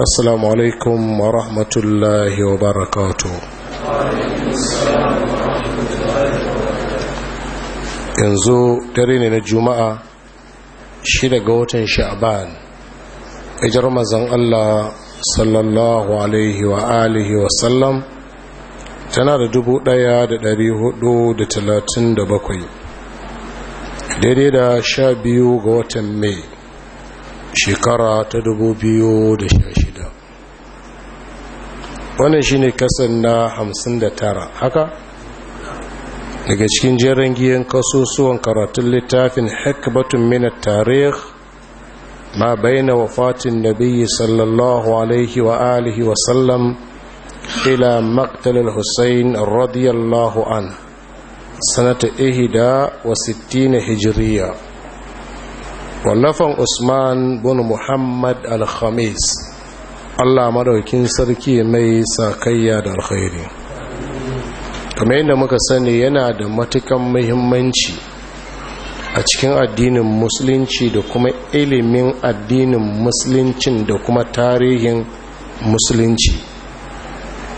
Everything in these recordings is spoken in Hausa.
السلام عليكم ورحمة الله وبركاته yanzu dare ne na juma'a shida daga watan sha'ban ijar mazan allah sallallahu alaihi wa alihi wa sallam tana da dubu ɗaya da dari hudu da talatin da bakwai daidai da sha biyu ga watan mai shekara ta dubu biyu da sha wannan shine kasan na 59 haka daga cikin jerin giyan kasusuwan karatun littafin hikbatun min tarih ma baina wafatin nabiyyi sallallahu alaihi wa alihi wa sallam ila maqtal al-husayn radiyallahu an sanata ihda wa 60 hijriya wallafan usman bin muhammad al-khamis Allah madaukin sarki mai sakayya da alkhairi kamar yadda muka sani yana da matukan muhimmanci a cikin addinin musulunci da kuma ilimin addinin musuluncin da kuma tarihin musulunci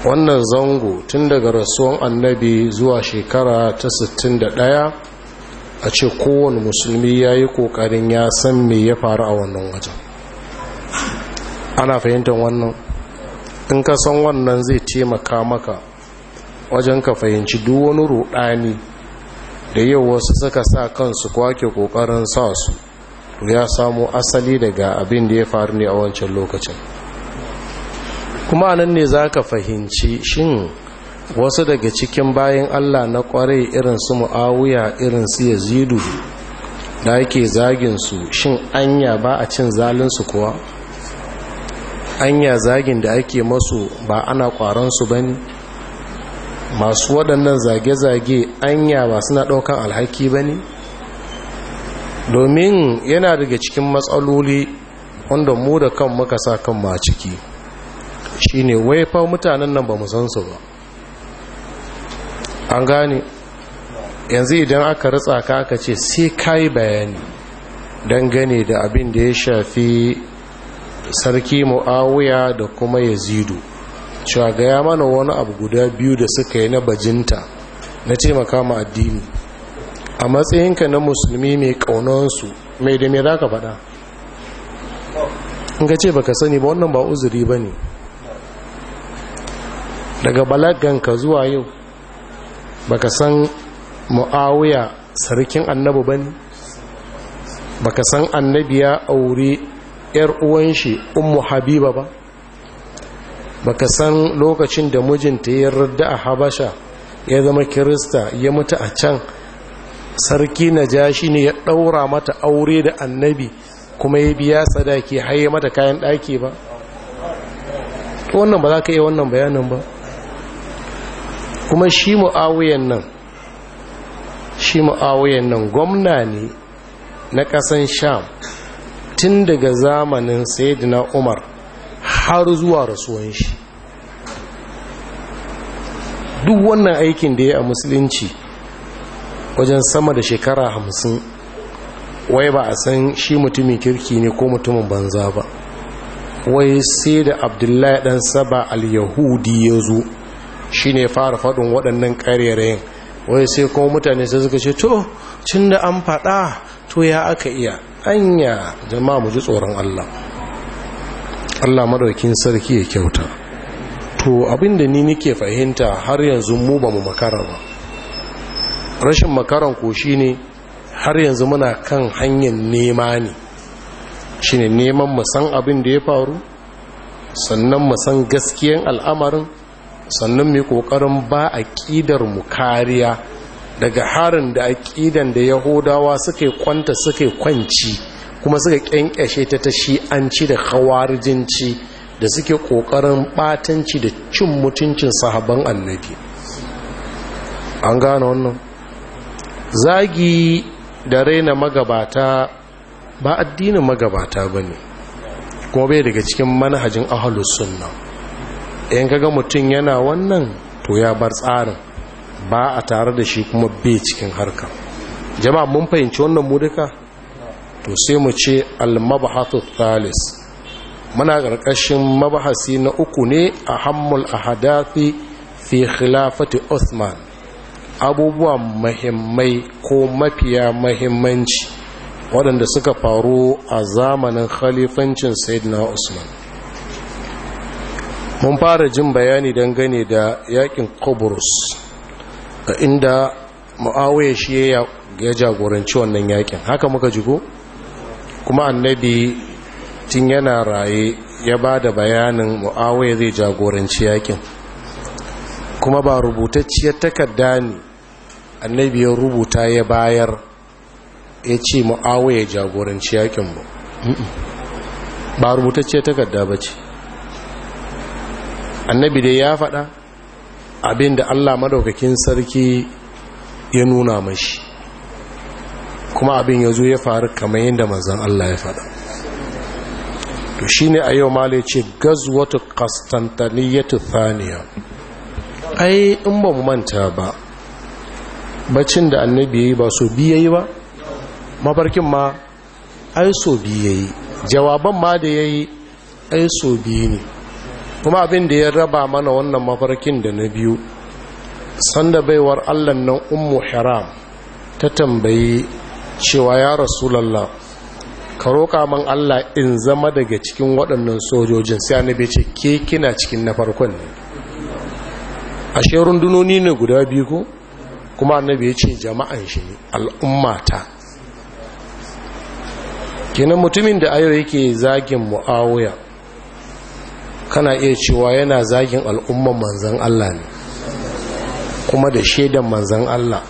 wannan zango tun daga rasuwan annabi zuwa shekara ta 61 a ce kowane musulmi ya yi ƙoƙarin ya san me ya faru a wannan wajen ana fahimtar wannan in ka san wannan zai taimaka maka wajen ka fahimci duk wani rudani da yau wasu suka sa kansu kwake kokarin sa su ya samu asali daga abin da ya faru ne a wancan lokacin kuma nan ne za ka fahimci shin wasu daga cikin bayan allah na kwarai irin su mu'awuya irin su yazidu da yake zagin su shin anya ba a cin zalinsu kuwa anya zagin da ake masu ba ana kwaransu ba ne masu waɗannan zage-zage anya ba suna ɗaukan alhaki ba ne domin yana daga cikin matsaloli wanda mu da kan muka sa kan ma ciki shi ne waifa mutanen nan ba mu san su ba an gane yanzu idan aka ritsa ka aka ce sai kayi bayani dangane da abin da ya shafi sarki mu'awiya da kuma yazidu cewa gaya mana wani abu guda biyu da suka yi na bajinta na taimaka ma addini a matsayinka na musulmi mai kaunansu mai da mai za ka faɗa in ka ce ba ka sani ba wannan ba uzuri ba ne daga balaganka zuwa yau ba ka san mu'awiya sarkin annabi ba ne ba ka san annabi ya aure ‘yar uwan shi ummu habiba ba baka san lokacin da mijinta ya rarda a habasha ya zama kirista ya mutu a can sarki na jashi ne ya ɗaura mata aure da annabi kuma ya biya sadaki ya mata kayan ɗaki ba wannan ba za ka iya wannan bayanin ba kuma shi mu'awuyan nan shi mu'awuyan nan gwamna ne na ƙasan sham tun daga zamanin sayyidina umar har zuwa rasuwan shi duk wannan aikin da ya a musulunci wajen sama da shekara hamsin wai ba a san shi mutumin kirki ne ko mutumin banza ba wai sai da abdullahi dan saba al-yahudi ya zo shi ne fara faɗin waɗannan ƙarerayin wai sai kuma mutane sai suka ce to cin da an faɗa to ya aka iya anya jama'a mu ji tsoron Allah Allah madaukin sarki ya kyauta to abinda ni nake fahimta har yanzu mu bamu mu makara ba rashin makaran ko shine har yanzu muna kan hanyar nema ne shine neman mu san abin da ya faru sannan mu san gaskiyan al'amarin sannan mai kokarin ba aqidar mu kariya daga harin da aƙidan da yahudawa suke kwanta suke kwanci kuma suka ƙyanƙyashe ta ta shi'anci da kawarjinci da suke ƙoƙarin ɓatanci da cin mutuncin sahaban annabi an gane wannan zagi da raina magabata ba addinin magabata ba ne kuma bai daga cikin manhajin ahalus sunna in kaga mutum yana wannan to ya bar tsarin ba a tare da shi kuma bai cikin harka jama'a mun fahimci wannan mu duka to sai mu ce al-mabhathu thalis muna ƙarƙashin mabahasi na uku ne a hammul ahadathi fi khilafati Uthman abubuwa mahimmai ko mafiya mahimmanci waɗanda suka faru a zamanin khalifancin Sayyidina Usman mun fara jin bayani dangane da yakin Qubrus inda mu'awai shi ya jagoranci wannan yakin haka muka jigo kuma annabi tun yana raye ya ba da bayanin mu'awai zai jagoranci yakin kuma ba rubutacciyar takarda ne annabi ya rubuta ya bayar ya ce mu'awiyar jagoranci yakin ba ba rubutacciyar takarda ba ce annabi dai ya faɗa abin da allah madaukakin sarki ya nuna mashi kuma abin ya zo ya faru kamar yadda manzan allah ya faɗa to shi ne a yau male ce gazwatu kastantaniyatu thaniya ai in ba mu manta ba bacin da annabi ya yi ba so biya yi ba mafarkin ma ai so biya yi jawaban ma da ya yi ai so biyu ne kuma abin da ya raba mana wannan mafarkin da na biyu sanda baiwar allan nan ummu haram ta tambayi cewa ya rasulallah ka roƙa man allah in zama daga cikin waɗannan sojojin sai annabi ce ke kina cikin na farkon ne ashe rundunoni ne guda biyu ko kuma annabi ya ce jama'an shi ne al'ummata kenan mutumin da ayo yake zagin mu'awuya kana iya cewa yana zagin al'umman manzan Allah ne kuma da shaidan manzan Allah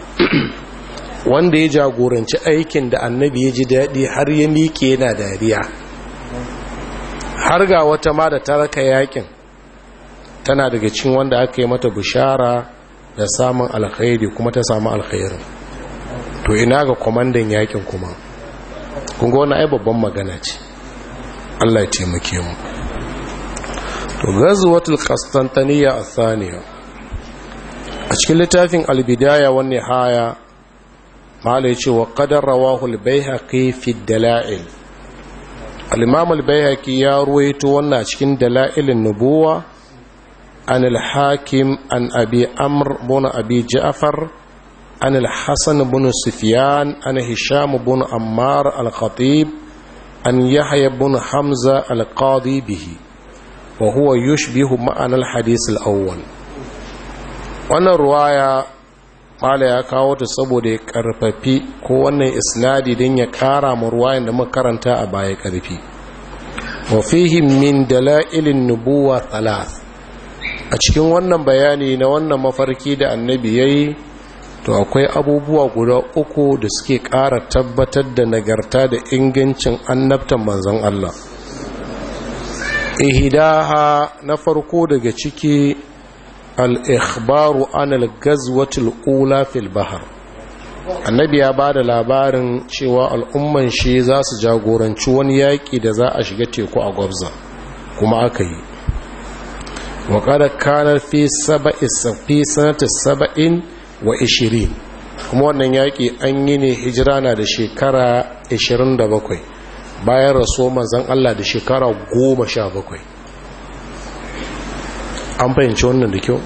wanda ya jagoranci aikin da annabi ya ji daɗi har ya miƙe yana dariya har ga wata ma da taraka yakin tana daga cin wanda aka yi mata bishara da samun alkhairi kuma ta samu alkhairin to ina ga kwamandan yakin kuma kunga wani ai babban magana ce allah ya taimake mu to gazuwatul qastantaniya athaniya a cikin littafin albidaya wani haya mala yace wa qadar rawahu albayhaqi fi dalail al-imam albayhaqi ya ruwaito wannan cikin dalailin nubuwa an al-hakim an abi amr bin abi ja'far an al-hasan bin sufyan an hisham bin ammar al-khatib an yahya bin hamza al-qadi bihi wa huwa yushbihu ma'anar hadith al-awwal wannan ruwaya mala ya kawo ta saboda ya karfafi ko wannan isnadi din ya kara mu ruwayan da makaranta a baya karfi wa fihi min dalailin nubuwa thalath a cikin wannan bayani na wannan mafarki da annabi yayi to akwai abubuwa guda uku da suke ƙara tabbatar da nagarta da ingancin annabtan manzon Allah ihdaha na farko daga ciki al-ikhbaru an al ula fil bahr annabi ya ba da labarin cewa al'umman shi za su jagoranci wani yaƙi da za a shiga teku a gwabza kuma aka yi wa ƙada kanar fi sanata saba'in wa ishirin kuma wannan yaƙi an yi ne hijira na da shekara 27 bayan raso manzan Allah da shekara goma sha bakwai an fahimci wannan da kyau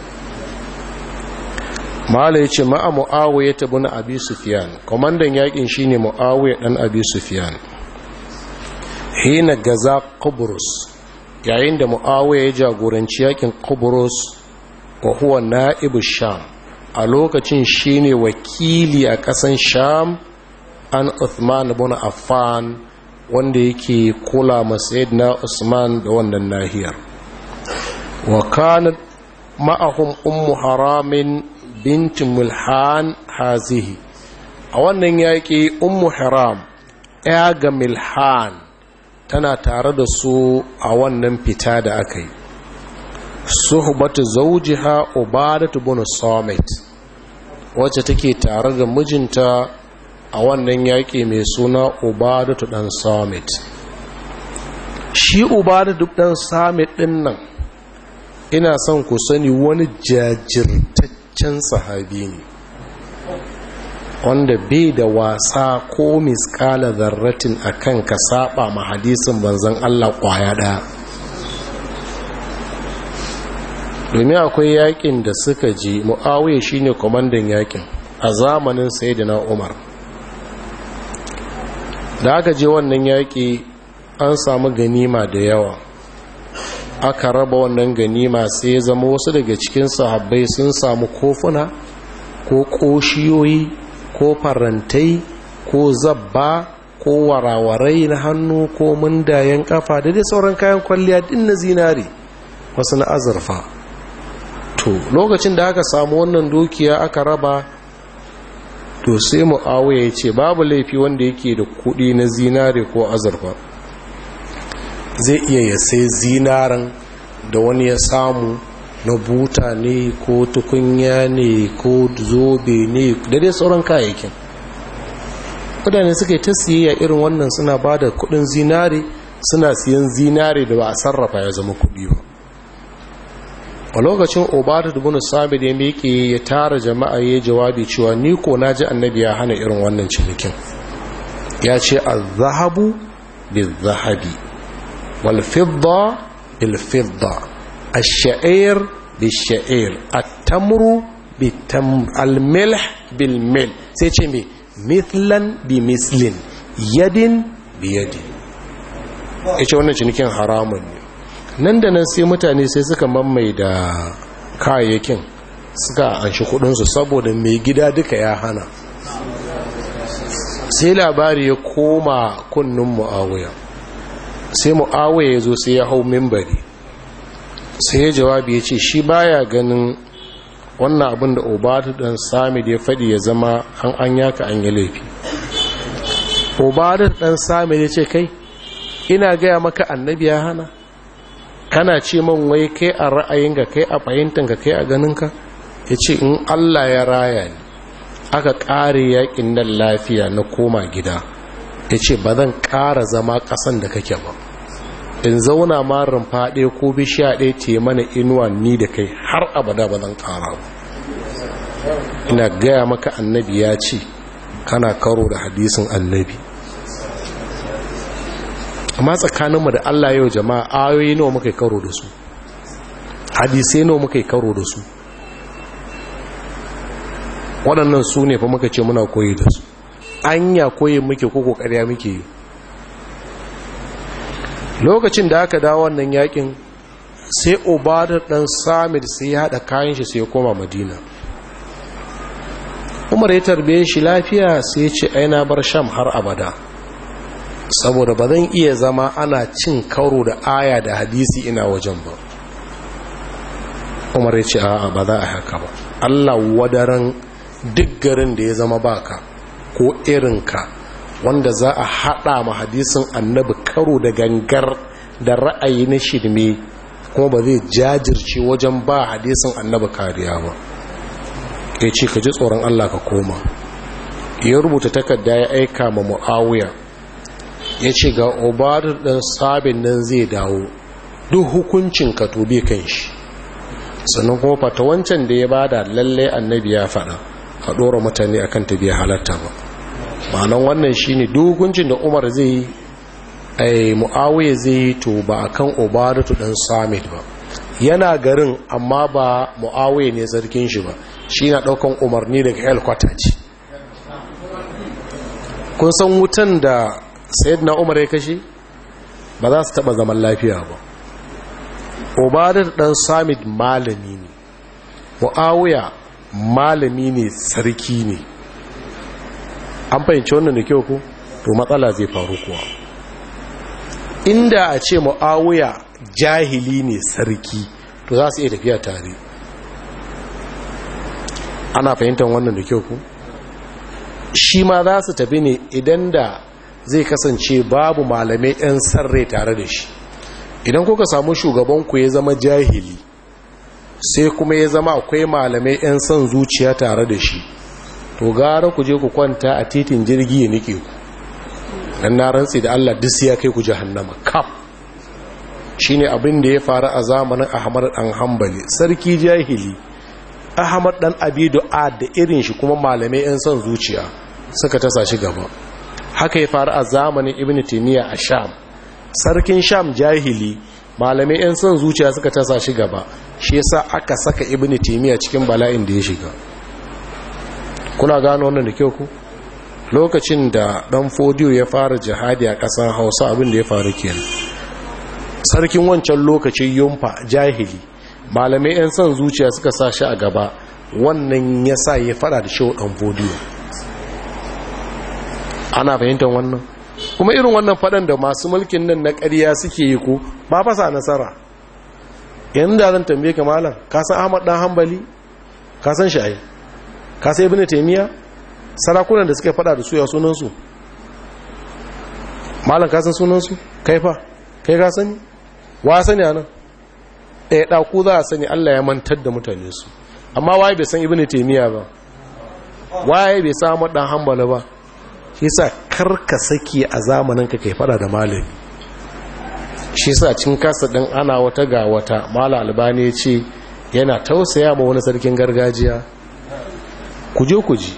mahala ya ce ma'a ya tabi na abi sufiyan kwamandan yakin shi ne ya ɗan abi sufiyan hina gaza kuburus yayin da mu'awu ya jagoranci yakin kuburus wa huwa na'ibu sham a lokacin shi ne wakili a ƙasan sham an uthman bin affan wanda yake kula masayid na usman da wannan nahiyar wa kana ma'ahum ummu haramin binti mulhan hazihi a wannan yaƙi ummu haram ya ga milhan tana tare da su a wannan fita da aka yi suhbatu zaujiha ubadatu bin samit wacce take tare da mijinta a wannan yaƙi mai suna ubadatu ɗan samit shi ubadatu ɗan samit ɗin nan ina son ku sani wani jajirtaccen sahabi ne wanda bai da wasa ko miskala zarratin a kan ka saba ma hadisin banzan Allah kwaya ɗaya domin akwai yakin da suka ji mu'awiyar shine kwamandan yakin a zamanin da umar da aka je wannan yaƙi an samu ganima da yawa aka raba wannan ganima sai ya zama wasu daga cikin sahabbai sun samu kofuna ko ƙoshiyoyi ko farantai ko zabba ko warawarai na hannu ko mundayen kafa da dai sauran kayan kwalliya din na zinari wasu na azurfa to lokacin da aka samu wannan dukiya aka raba to sai mu'awiya ya ce babu laifi wanda yake da kuɗi na zinare ko azurfa zai iya ya sai zinaren da wani ya samu na buta ne ko tukunya ne ko zobe ne da dai sauran kayayyakin mutane suka yi ta siyayya irin wannan suna ba da kudin zinare suna siyan zinare da ba a sarrafa ya zama kudi ba a lokacin da dubunu sabid ya miƙe ya tara jama'a ya jawabi cewa ni ko na ji annabi ya hana irin wannan cinikin ya ce a zahabu da zahabi wal fidda bil fidda ash-sha'ir bil sha'ir a tamru bil tamr sai ce mai mithlan bi mislin yadin bi yadin Ya ce wannan cinikin haramun ne nan da nan sai mutane sai suka mamaye da kayayyakin suka anshi kudinsu saboda mai gida duka ya hana sai labari ya koma kunnin mu'awiyar sai mu'awiyar ya zo sai ya hau mimbari sai ya jawabi ya ce shi baya ganin wannan abin da obatu dan Sami da ya faɗi ya zama an an yaka an yi laifi obatu dan sami ya ce kai ina gaya maka annabi ya hana kana ce man wai kai a ra'ayinka kai a fahimtanka kai a ganinka ya ce in allah ya raya ni aka ƙare yaƙin nan lafiya na koma gida ya ce ba zan ƙara zama ƙasan da kake ba in zauna marin faɗe ko bishiya ɗaya ce mana inuwa ni da kai har abada ba zan ƙara ba ina gaya maka annabi ya ce kana karo da hadisin annabi amma tsakaninmu da Allah yau jama'a ayoyi nawa muka karo da su hadisi nawa muka karo da su waɗannan su ne fa muka ce muna koyi da su anya koyi muke ko ƙarya muke yi lokacin da aka dawo wannan yakin sai ubadar dan samir sai ya haɗa kayan shi sai ya koma madina umar ya tarbe shi lafiya sai ya ce aina bar sham har abada saboda ba zan iya zama ana cin karo da aya da hadisi ina wajen ba umar ya ce a'a ba za a haka ba allah wadaran duk garin da ya zama baka ko irinka wanda za a haɗa ma hadisin annabi karo da gangar da ra'ayi na shirme kuma ba zai jajirce wajen ba hadisin annabi kariya ba ya ce ka ji tsoron allah ka koma ya rubuta takarda ya aika ma mu'awiyar ya ce ga obarin ɗan sabin nan zai dawo duk hukuncin ka tobe kan shi sannan kuma fata wancan da ya bada lalle annabi ya faɗa a ɗora mutane akan ta biya halatta ba ma'anan wannan shine duk hukuncin da umar zai yi ai eh, mu'awiya zai to ba kan obaratu ɗan samit ba yana garin amma ba mu'awiya ne zargin shi ba shi na ɗaukan umarni daga helkwata ce kun san wutan da sayyidina umar ya kashe ba za su taba zaman lafiya ba obadar dan samid malami ne muawiya malami ne sarki ne an fahimci wannan da kyau ko to matsala zai faru kuwa inda a ce muawiya jahili ne sarki to za su iya tafiya tare ana fahimtar wannan da kyau ku shi ma za su tafi ne idan da zai kasance babu malamai 'yan sarre tare da shi idan kuka samu shugabanku ya zama jahili sai kuma ya zama akwai malamai 'yan son zuciya tare da shi to gara ku je ku kwanta a titin jirgi ya nike ku dan na rantsi da Allah duk ya kai ku jahannama kaf shine abin da ya faru a zamanin Ahmad dan Hanbali sarki jahili Ahmad dan Abidu da irin shi kuma malamai 'yan son zuciya suka tasa shi gaba haka ya faru a zamanin ibn timiya a sham sarkin sham jahili malamai yan son zuciya suka tasa shi gaba shi yasa aka saka ibn timiya cikin bala'in da ya shiga kuna gano wannan da kyau ku lokacin da dan fodiyo ya fara jihadi a kasar hausa abin da ya faru kenan sarkin wancan lokacin yumfa jahili malamai 'yan son zuciya suka sa shi a gaba wannan ya sa ya fara da shau dan fodiyo ana fahimtar wannan kuma irin wannan fadan da masu mulkin nan na ƙarya suke yi ko ba fasa nasara yanzu da zan tambaye ka malam ka san ahmad dan hanbali ka san shi ai ka san ibnu taymiya sarakunan da suka fada da su ya sunan su malam ka san sunan su kai fa kai ka sani wa sani anan eh, ɗaya ku za a sani Allah ya mantar da mutane su amma waye bai san ibnu taymiya ba waye bai san ahmad dan hanbali ba shi sa karka saki a zamanin ka kai fada da malami shi sa cin kasa din ana wata ga wata mala albani ya ce yana tausaya ma wani sarkin gargajiya kuje kuji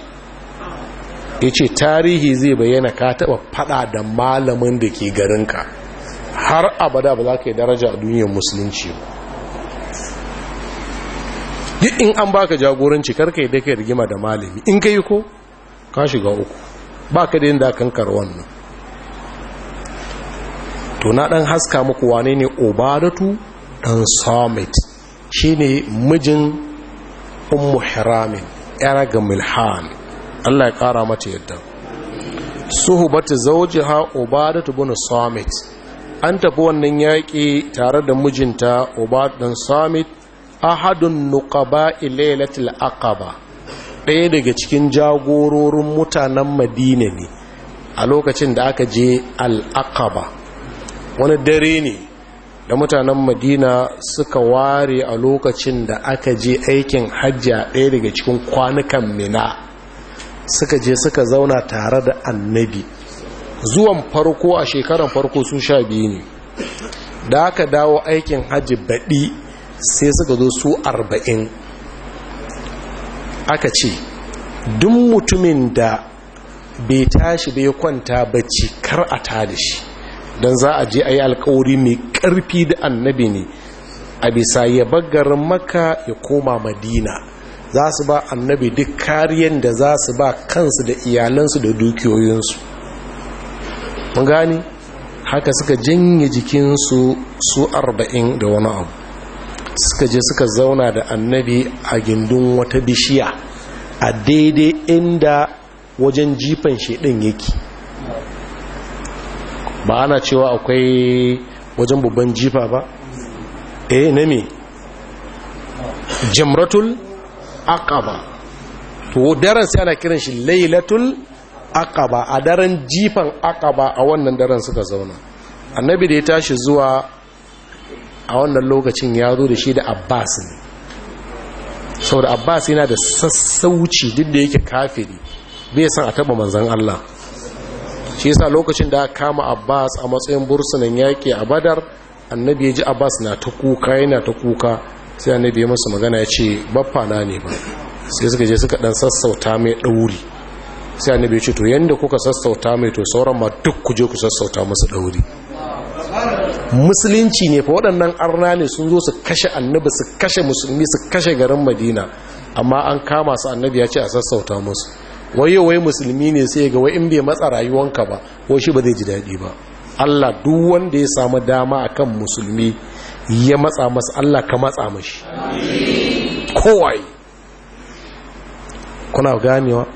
ya ce tarihi zai bayyana ka taba fada da malamin da ke garin ka har abada ba za ka yi daraja a duniyar musulunci ba duk in an baka jagoranci karka yi da ka rigima da malami in ka yi ko ka shiga uku ba ka da kankar wannan to na ɗan haska muku wane ne obadatu dan samit shi mijin ummu haramin yara ga milhan allah ya ƙara mata yadda suhubatu zaujiha obadatu bin samit an tafi wannan yaƙi tare da mijinta obadatu dan samit ahadun nuqaba ilailatul aqaba ɗaya daga cikin jagororin mutanen madina ne a lokacin da aka je al'aqaba wani dare ne da mutanen madina suka ware a lokacin da aka je aikin hajji a ɗaya daga cikin kwanukan mina suka je suka zauna tare da annabi zuwan farko a shekarar farko su sha biyu ne da aka dawo aikin hajji baɗi sai suka zo su arba'in aka ce duk mutumin da bai tashi bai kwanta bacci kar a tada shi don za a je a yi alkawari mai karfi da annabi ne a bisa ya bagarin maka ya koma madina za su ba annabi duk kariyar da za su ba kansu da iyalansu da dukiyoyinsu mun gani haka suka janye jikinsu su arba'in da wani abu suka je suka zauna da annabi a gindin wata bishiya a daidai inda wajen jifan shaɗin yake ba ana cewa akwai wajen babban jifa ba eh na me jamratul aqaba to daren sai ana kiran shi lailatul aqaba a daren jifan aqaba a wannan daren suka zauna annabi da ya tashi zuwa a wannan lokacin ya zo da shi da abbas ne saboda abbas yana da sassauci duk da yake kafiri bai san a taba manzan allah shi yasa lokacin da kama abbas a matsayin bursunan yaƙi a badar annabi ya ji abbas na ta kuka yana ta kuka sai annabi ya masa magana ya ce baffa na ne ba sai suka je suka dan sassauta mai ɗauri sai annabi ya ce to yanda kuka sassauta mai to sauran ma duk ku je ku sassauta masa ɗauri musulunci ne fa waɗannan arna ne sun zo su kashe annabi su kashe musulmi su kashe garin madina amma an kama su annabi ya ce a sassauta musu waye wai musulmi ne sai ga wai in bai matsa rayuwanka ba ko shi ba zai ji daɗi ba Allah duk wanda ya samu dama akan musulmi ya matsa masa Allah ka matsa mashi kowai kuna ganewa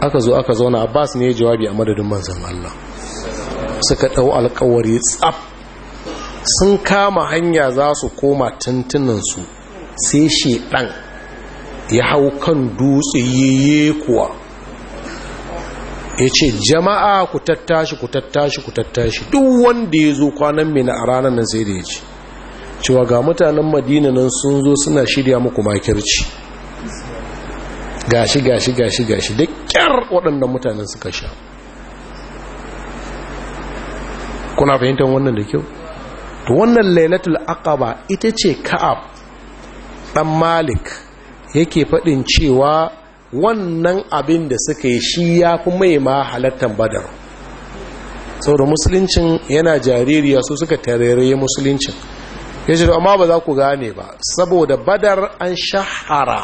aka zo aka zauna abbas ne ya jawabi a madadin manzan Allah suka ɗau alkawari tsaf sun kama hanya za su koma tuntunansu sai dan ya hau kan dutse yeye kuwa ya jama'a ku tattashi ku tattashi ku tattashi duk wanda ya zo kwanan mina a ranar nan sai da ya ce cewa ga mutanen madina nan sun zo suna shirya muku makirci gashi gashi gashi gashi da kyar waɗannan mutanen suka sha kuna fahimtar wannan da kyau to wannan lailatul aqaba ita ce ka'ab dan malik yake faɗin cewa wannan abin da suka yi shi ya fi mai ma halattan badar saboda musuluncin yana jaririya su suka tarere musuluncin ya ce amma ba za ku gane ba saboda badar an shahara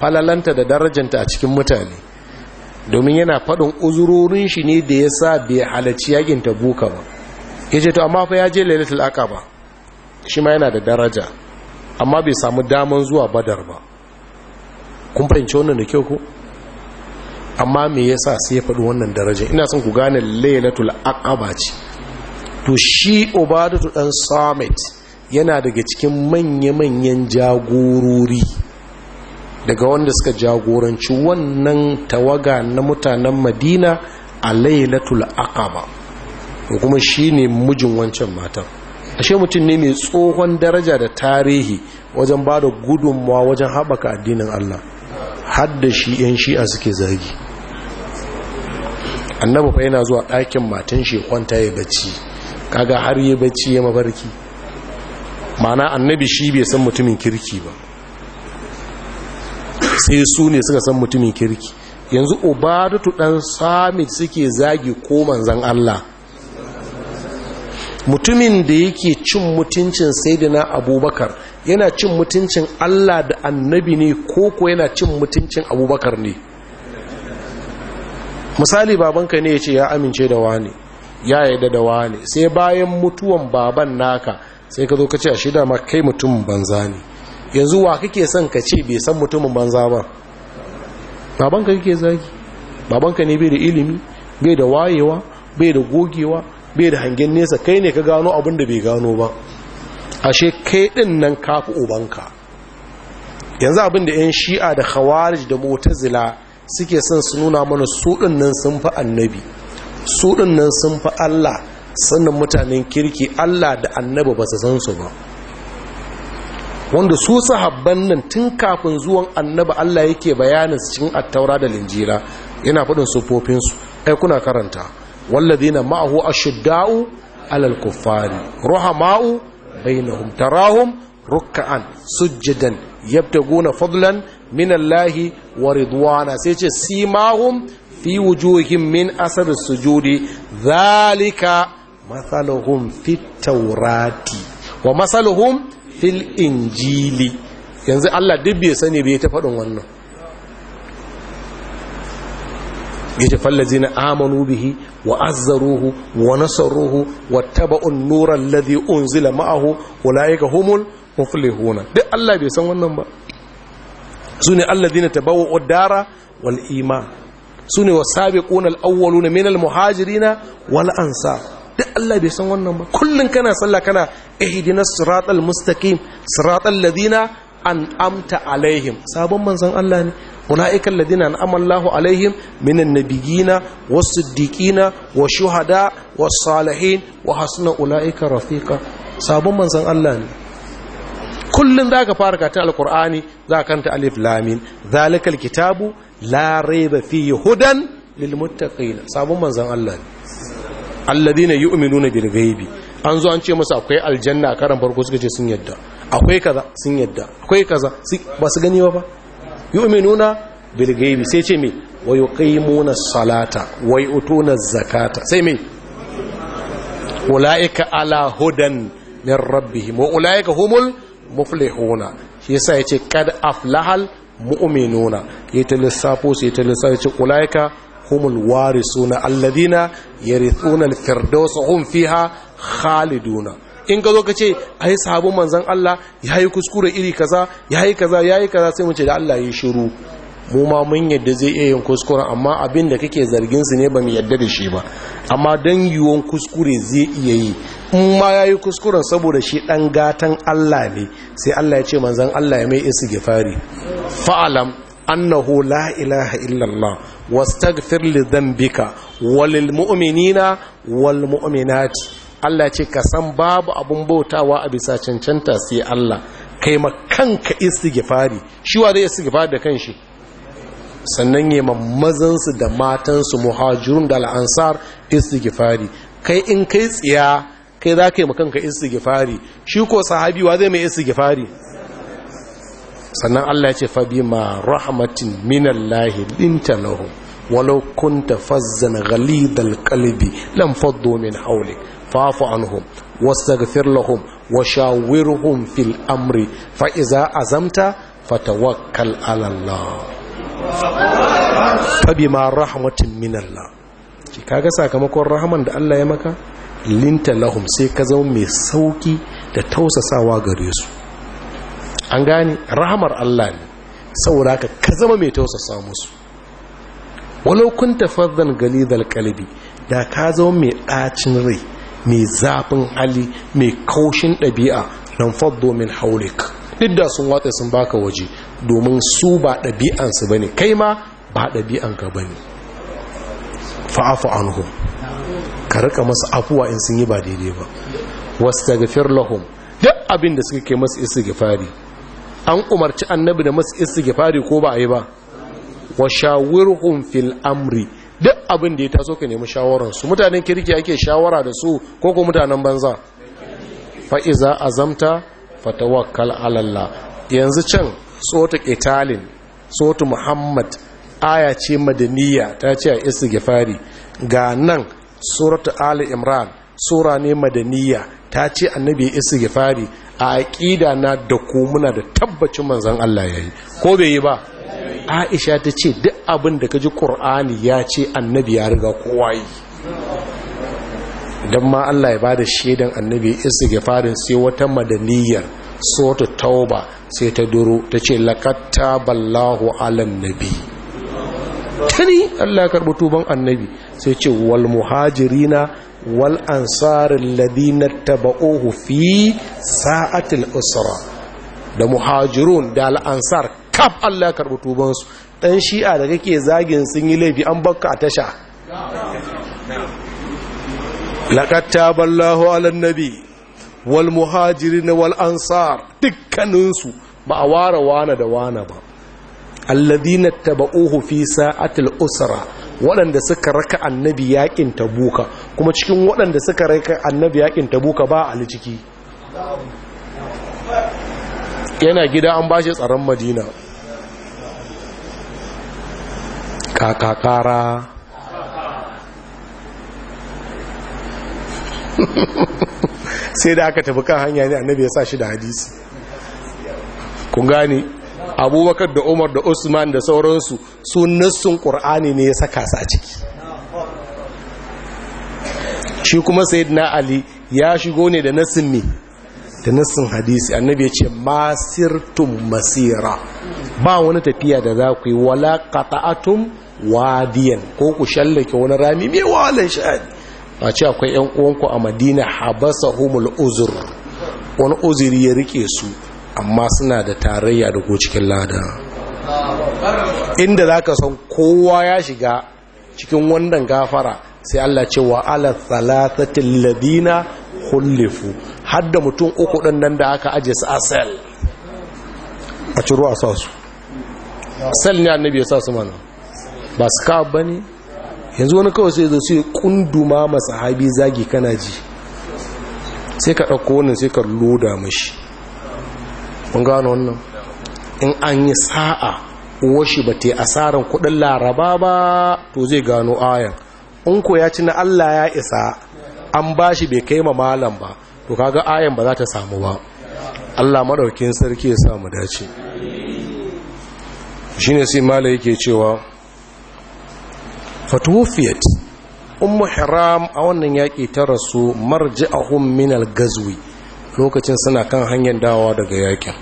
falalanta da darajanta a cikin mutane domin yana faɗin uzurorin shi ne da ya sa bai halarci yakin buka ba ya ce to amma fa ya je lailatul aqaba shi ma yana da daraja amma bai samu daman zuwa badar ba kun fahimci wannan da kyau ku amma me yasa sai ya faɗi wannan daraja ina son ku gane lailatul aqaba ce to shi ubadatu dan samit yana daga cikin manya-manyan jagorori daga wanda suka jagoranci wannan tawaga na mutanen madina a lailatul aqaba kuma shi ne mijin wancan matan ashe mutum ne mai tsohon daraja da tarihi wajen ba da gudunmawa wajen haɓaka addinin Allah hadda shi 'yan shi'a suke zagi annaba fa yana zuwa ɗakin matan shi kwanta ya bacci kaga har yi bacci ya mafarki mana annabi shi bai san mutumin kirki ba sai su ne suka san mutumin kirki yanzu ubadatu dan samit suke zagi ko manzan Allah mutumin da yake cin mutuncin saidina abubakar yana cin mutuncin allah da annabi ne ko ko yana cin mutuncin abubakar ne misali babanka ne ya ce ya amince da wani ya yi da wani sai bayan mutuwan baban naka sai ka zo ka ce a shida ma kai mutumin banza ne yanzu wa kake son ka ce bai san mutumin banza ba babanka kake zagi babanka ne bai da ilimi bai da wayewa bai da gogewa bai da hangen nesa kai ne ka gano abin da bai gano ba ashe kai din nan kafi ubanka yanzu abin da 'yan shi'a da khawarij da mutazila suke son su nuna mana su din nan sun fi annabi su din nan sun fi Allah sannan mutanen kirki Allah da annabi ba su san su ba wanda su sahabban nan tun kafin zuwan annabi Allah yake bayanin su cikin attaura da linjira yana faɗin sufofinsu ai kuna karanta والذين معه أشداء على الكفار رحماء بينهم تراهم ركعا سجدا يبتغون فضلا من الله ورضوانا سيجي سيماهم في وجوههم من أثر السجود ذلك مثلهم في التوراة ومثلهم في الإنجيل ينزل الله دبي سني بيتفضل wannan yace fallazina amanu bihi wa azzaruhu wa nasaruhu wattaba'u an-nura alladhi unzila ma'ahu ulaika humul muflihuna duk Allah bai san wannan ba sune alladhina tabawwa'u ad-dara wal iman sune wasabiquna al-awwaluna min al-muhajirina wal ansar duk Allah bai san wannan ba kullun kana sallah kana ihdinas siratal mustaqim siratal an amta alaihim sabon manzan Allah ne ula'ikan ladina an Allahu alaihim minan nabiyina was-siddiqina wa shuhada was-salihin wa hasuna ula'ika rafiqa sabon manzan Allah ne kullun zaka fara karatun alqur'ani zaka kanta alif lam mim zalikal kitabu la rayba fihi hudan lil sabon manzan Allah ne alladina yu'minuna bil ghaibi an zo an ce masu akwai aljanna a karan farko suka ce sun yadda akwai kaza sun yadda akwai kaza ba su gani ba ba yu'minuna bil ghaibi sai ce me wa yuqimuna salata wa yu'tuna zakata sai me ulaika ala hudan min rabbihim wa ulaika humul muflihuna shi yasa yace kad aflahal mu'minuna yace lissafo sai ta lissafi ce ulaika humul warisuna alladina yarithuna al-firdausa hum fiha khaliduna in ka zo ka ce a yi sabon manzan Allah ya yi kuskure iri kaza ya yi kaza ya yi kaza sai mu da Allah ya shiru mu ma mun yadda zai iya yin kuskure amma abin da kake zargin su ne ba mu yadda da shi ba amma dan yiwon kuskure zai iya yi in ma ya yi kuskure saboda shi dan gatan Allah ne sai Allah ya ce manzan Allah ya mai isi gifari fa'alam annahu la ilaha illallah wastaghfir li dhanbika walil mu'minina wal mu'minati Allah ce ka san babu abun bautawa a bisa cancanta sai Allah kai ma kanka istighfari shi wa zai istighfar da kanshi sannan yi su da matansu muhajirun da al'ansar istighfari kai in kai tsiya kai za ka yi makanka istighfari shi ko sahabi wa zai mai istighfari sannan Allah ya ce fabi ma rahmatin minallahi linta lahum walau kunta fazzan ghalidal qalbi lam faddu min hawlik fafu anhum wastaghfir lahum wa shawirhum amri fa azamta fatawakkal ala Allah fa bima min Allah ki kaga sakamakon rahaman da Allah ya maka linta lahum sai ka zama mai sauki da tausasawa gare su an gane rahamar Allah ne saboda ka ka zama mai tausasa musu walau kun tafaddan galidal kalbi da ka zama mai ɗacin rai mai zafin hali mai kaushin ɗabi'a don faddo min haulik duk da sun watsa sun baka waje domin su ba ɗabi'ansu ba ne kai ma ba ɗabi'anka ba ne fa'afu anhu ka rika masu afuwa in sun yi ba daidai ba wasu tagafir lahum duk abin da suka ke masu gifari an umarci annabi da masu gifari ko ba a yi ba wa shawirhum fil amri duk abin da ya taso ka nemi shawararsu mutanen kirki ake shawara da su ko ko mutanen banza fa'iza azamta fatawakkal alalla yanzu can tsotu italin tsotu muhammad aya ce madaniya ta ce a gifari ga nan suratu ali imran sura ne madaniya ta ce annabi gifari a aƙida na da ku muna da tabbacin manzon Allah ya yi. ko bai yi ba aisha ta ce duk abin da ka ji ƙur'ani ya ce annabi ya riga kowa yi don ma allah ya ba da shaidan annabi isa farin sai wata madaniyar sota tauba sai ta duro ta ce lakatta ballahu alan nabi tani allah ya karɓi tuban annabi sai ce wal muhajirina wal ansarin ladina taba'uhu fi sa'atul usra da muhajirun da al'ansar kaf Allah ya karɓi tubansu ɗan shi'a da kake zagin sun yi laifi an bakka a tasha laƙad taballahu alan nabi wal muhajirin wal ansar dukkaninsu ba a ware wana da wana ba alladina taba'uhu fi sa'atil usra waɗanda suka raka annabi yakin tabuka kuma cikin waɗanda suka raka annabi yakin tabuka ba ali ciki yana gida an bashi tsaron madina kakakara sai da aka tafi kan hanya ne annabi ya sa shi da hadisi kun gane abubakar da umar da usman da sauransu su nassun ƙur'ani ne ya saka su ciki shi kuma Sayyidina ali ya shigo ne da nassun ne da nassun hadisi annabi ya ce masirtum masira ba wani tafiya da za ku yi wala qata'atum wadiyan ko ku shallake wani rami mai wahalar sha'ani a ce akwai yan uwanku a madina habasa humul uzur wani uzuri ya rike su amma suna da tarayya da ko cikin lada inda za ka san kowa ya shiga cikin wannan gafara sai Allah ce wa ala thalathatil ladina khullifu hadda mutum uku din nan da aka aje su asal a ciro a sa su sal ne annabi ya sa su mana ba su kawo ba ne yanzu wani kawai sai zo sai kunduma masu habi zagi kana ji sai ka ɗauko wannan sai ka loda mashi mun gano wannan in an yi sa'a washi ba ta yi asarar kudin laraba ba to zai gano ayan in ko ya ci na allah ya isa an ba shi bai kai ma malam ba to kaga ayan ba za ta samu ba allah maɗaukin sarki ya samu dace shi ne sai mala yake cewa fatuwufiyat ummu haram a wannan yaki ta rasu marji'ahum min al-gazwi lokacin suna kan hanyar dawowa daga yakin.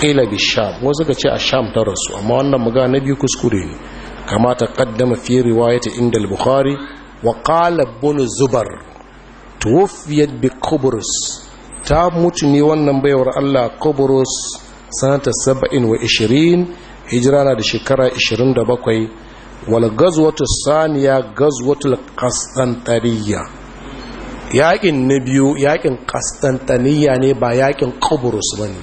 qila bi sham wasu ka ce a sham ta rasu amma wannan muga na biyu kuskure ne kama ta qaddama fi riwayati inda al-bukhari wa qala ibn zubar tuwfiyat bi qubrus ta mutu ne wannan baiwar Allah qubrus sanata 27 hijira na da shekara 27 walgazwatu saniya gazwatu Kastantariya. yakin na biyu yakin qastantaniya ne ba yakin ba ne.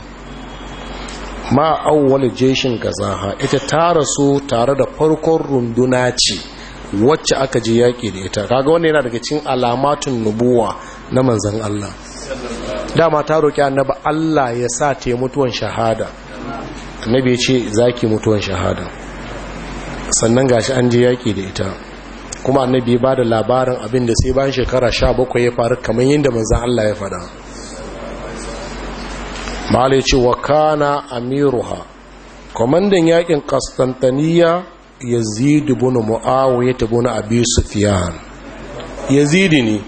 ma awwal jeshin gazaha ita ta rasu tare da farkon runduna ce wacce aka je yaki da ita kaga wannan yana daga cikin alamatun nubuwa na manzon Allah dama ta roki annabi Allah ya sa ta mutuwan shahada annabi ya ce zaki mutuwan shahada sannan ga shi an ji yaƙi da ita kuma annabi ba da labarin abin da sai bayan shekara sha bakwai ya faru kamar yadda manzan Allah ya faɗa malai ce wa kana amiruha kwamandan yaƙin kastantaniya yazid ibn muawiya ibn abi ya zidi ne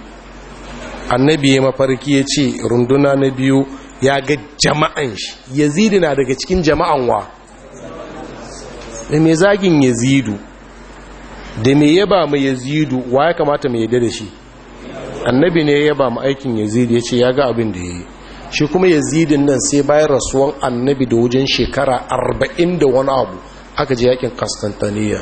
annabi ya mafarki ya ce runduna na biyu ya ga jama'an shi zidi na daga cikin jama'an wa da mai zagin yazidu da mai yaba ma yazidu wa ya kamata mai yadda da shi annabi ne ya yaba mu aikin yazidu ya ce ya ga abin da ya yi shi kuma yazidin nan sai bayan rasuwan annabi da wajen shekara arba'in da wani abu aka ji yakin kastantaniya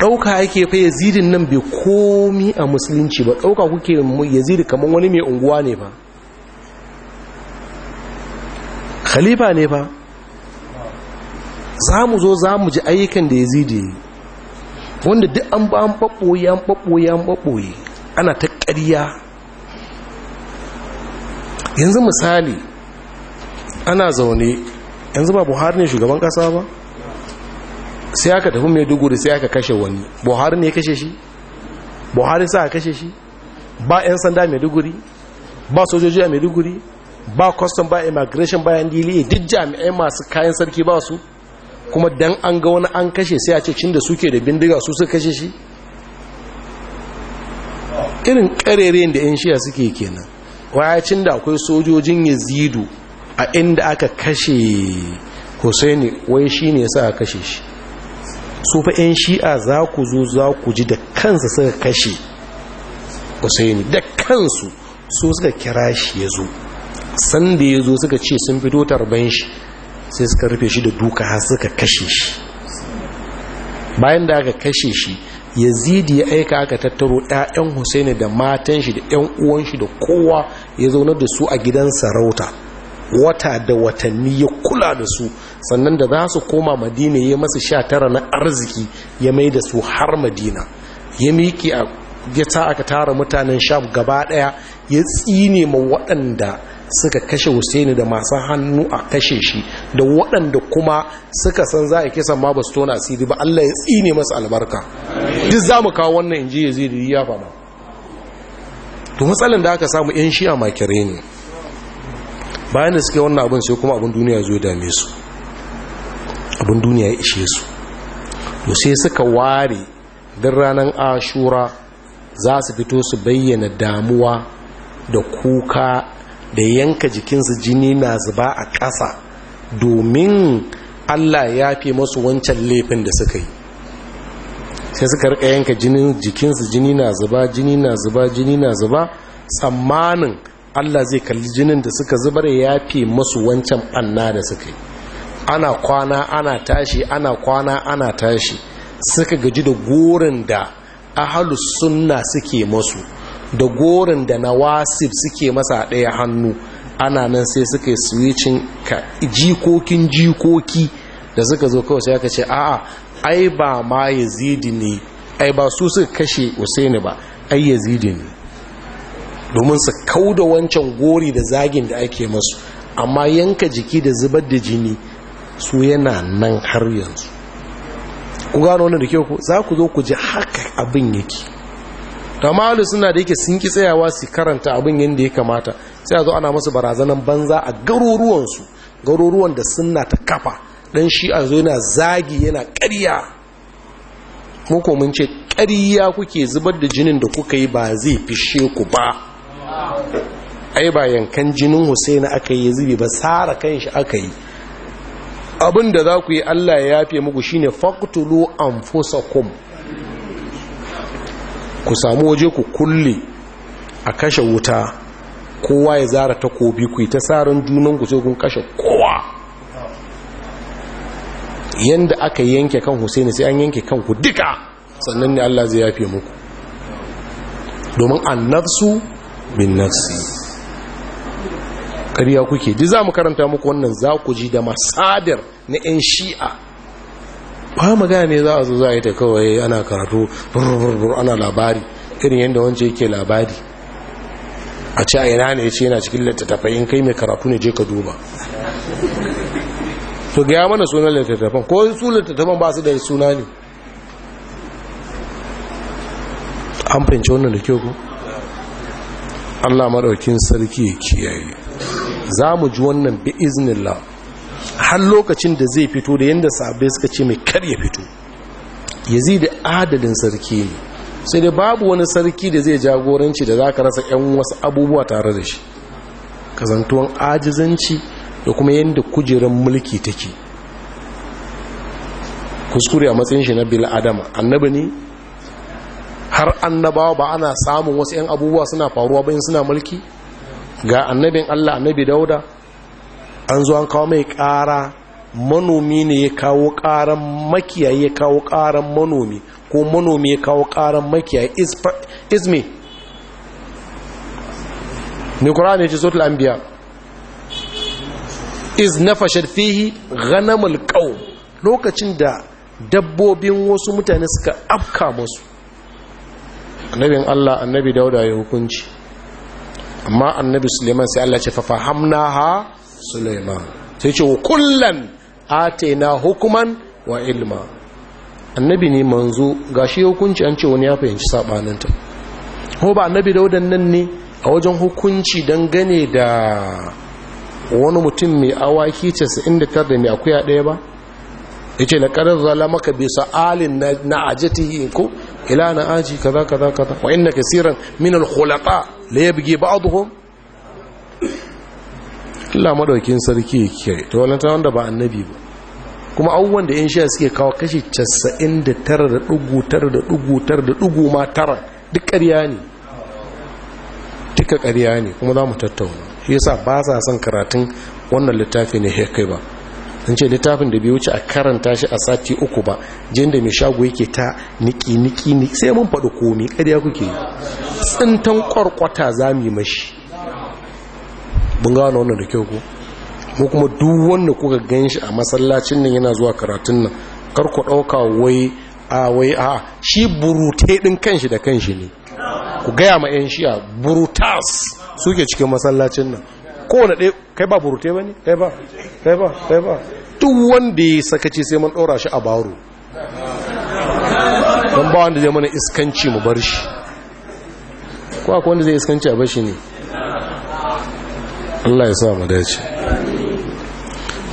ɗauka yake fa yazidin nan bai komi a musulunci ba ɗauka kuke yazidi kamar wani mai unguwa ne ba khalifa ne ba za mu zo za mu ji ayyukan da ya zide wanda duk an ba an ɓaɓɓoyi an ɓaɓɓoyi an ɓaɓɓoyi ana ta ƙarya yanzu misali ana zaune yanzu ba buhari ne shugaban ƙasa ba sai aka tafi mai duguri sai aka kashe wani buhari ne ya kashe shi buhari sa kashe shi ba 'yan sanda mai duguri ba sojoji a duguri ba custom ba immigration bayan dili e, duk jami'ai masu kayan sarki ba su kuma dan an ga wani an kashe sai a ce cin da suke da bindiga su suka kashe shi irin ƙarerayen da 'yan shiya suke kenan wayacin da akwai sojojin yazidu a inda aka kashe Hussaini wai shi ne sa a kashe shi su fa 'yan shi'a za ku zo za ku ji da kansa suka kashe Hussaini da kansu su suka kira shi ya zo sanda ya zo suka ce sun fito tarban shi sai suka rufe shi da duka har suka kashe shi bayan da aka kashe shi yazidi ya aika aka tattaro ɗayan husaini da matan shi da ɗan uwan shi da kowa ya zauna da su a gidan sarauta wata da watanni ya kula da su sannan da za su koma madina ya masu sha tara na arziki ya mai da su har madina ya miki a ya sa aka tara mutanen sham gaba ɗaya ya tsine ma waɗanda suka kashe Husaini da masu hannu a kashe shi da waɗanda kuma suka san za a kisa ma ba su tona asiri ba Allah ya tsine masu albarka duk za mu kawo wannan inji ya zai da ya ma. to matsalan da aka samu yan shi'a makere ne bayan da suke wannan abin sai kuma abin duniya zo dame su abin duniya ya ishe su to sai suka ware don ranar ashura za su fito su bayyana damuwa da kuka da yanka jikinsu jini na zuba a ƙasa domin allah ya fi masu wancan laifin da suka yi sai suka rika yanka jikinsu jini na zuba jini na zuba jini na zuba tsammanin allah zai kalli jinin da suka zubar ya fi masu wancan anna da suka yi ana kwana ana tashi ana kwana ana tashi suka gaji da gorin da ahalus sunna suke masu da goron da na Wasif suke masa ɗaya hannu ana nan sai suka yi switching ka jikokin jikoki da suka zo kawai sai aka ce a'a ai ba ma yazidi ne ai ba su suka kashe usaini ba ai yazidi ne domin su kau da wancan gori da zagin da ake masu amma yanka jiki da zubar da jini su yana nan har yanzu ku gano wani da kyau ku za ku zo ku ji haka abin yake to suna da yake sun ki tsayawa su karanta abin yadda ya kamata sai a zo ana masu barazanan banza a garuruwansu garuruwan da suna ta kafa dan shi a zo yana zagi yana ƙarya muku mun ce ƙarya kuke zubar da jinin da kuka yi ba zai fishe ku ba ai ba yankan jinin hussaini aka yi zubi ba sara shi aka yi abin da za ku yi Allah ya yafe muku shine faqtulu anfusakum ku samu waje ku kulle a kashe wuta kowa ya zara takobi ku yi ta tsarin junan ku sai kun kashe kowa yanda aka yanke kan husaini sai an yanke kan ku duka sannan ne Allah zai yafe muku domin annafsu bin nafsi ƙarya kuke di za mu karanta muku wannan za ku ji da masadar na 'yan shi'a ba magana ne za a zo za a yi ta kawai ana karatu burburbur ana labari irin yadda wance yake labari a ce a ina ne ya ce yana cikin littattafai in kai mai karatu ne je ka duba to gaya mana sunan littattafan ko su littattafan ba su da suna ne an fahimci wannan da kyau ku Allah maɗaukin sarki ya kiyaye za mu ji wannan bi iznillah har lokacin da zai fito da yadda sabai suka ce mai karya ya fito da adalin sarki ne sai da babu wani sarki da zai jagoranci da za ka rasa yan wasu abubuwa tare da shi kazantuwan ajizanci da kuma yadda kujerar mulki take kuskure a matsayin shi na bil adama annabi ne har annabawa ba ana samun wasu 'yan abubuwa suna faruwa bayan suna mulki ga annabin Allah annabi dauda an zo an kawo mai ƙara manomi ne ya kawo ƙaran makiyayi ya kawo ƙaran manomi ko manomi ya kawo ƙaran makiyayi Izmi. ne kura ne ce sotul an biya iz na fashar fihi ganamul ƙau lokacin da dabbobin wasu mutane suka afka masu annabin allah annabi dauda ya hukunci amma annabi suleiman sai allah ce fahamna ha Sulaiman sai ce kullan na hukuman wa ilma annabi ne manzo gashi hukunci an ce wani ya fahimci sabaninta ko ba annabi da nan ne a wajen hukunci dangane da wani mutum mai awaki 99 da mai akuya ɗaya ba yace la qad zalamaka bi sa'alin na ajatihi ko ila na aji kaza kaza kaza wa inna kaseeran min al khulaqa la yabghi ba'dhum illa madaukin sarki yake to wannan ta wanda ba annabi ba kuma abubuwan da yan sha suke kawo kashi 99.9.9 ma tara duk ƙarya ne duka ƙarya ne kuma za mu tattauna shi yasa ba sa son karatun wannan littafi ne kai ba sun ce littafin da bai wuce a karanta shi a sati uku ba jin da mai shago yake ta niki niki sai mun faɗi komi ƙarya kuke tsintan ƙwarƙwata za mu yi mashi mun gano wannan da kyau ko mu kuma duk wanda kuka gan shi a masallacin nan yana zuwa karatun nan kar ku ɗauka wai a wai a shi burute din kanshi da kanshi ne ku gaya ma 'yan shi'a burutas suke cikin masallacin nan wanda ɗaya kai ba burute ba kai ba kai ba kai ba duk wanda ya sakaci sai mun ɗora shi a baro don ba wanda zai mana iskanci mu bar shi ko akwai wanda zai iskanci a bar shi ne Allah ya sa mu dace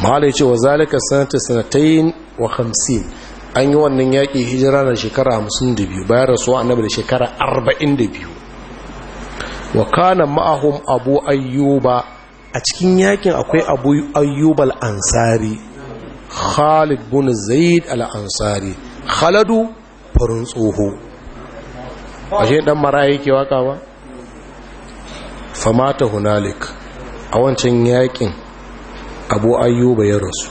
malai ce wa zalika sanata sanatayin wa hamsin an yi wannan yaƙi hijira na shekara biyu bayan rasuwa annabi da shekara arba'in da biyu wa kana ma'ahum abu ayyuba a cikin yakin akwai abu ayyuba al'ansari ansari khalid bin zaid al-ansari khaladu farin tsoho shi ɗan mara yake waka ba famata hunalik a wancan yaƙin, abu ayyuba ya rasu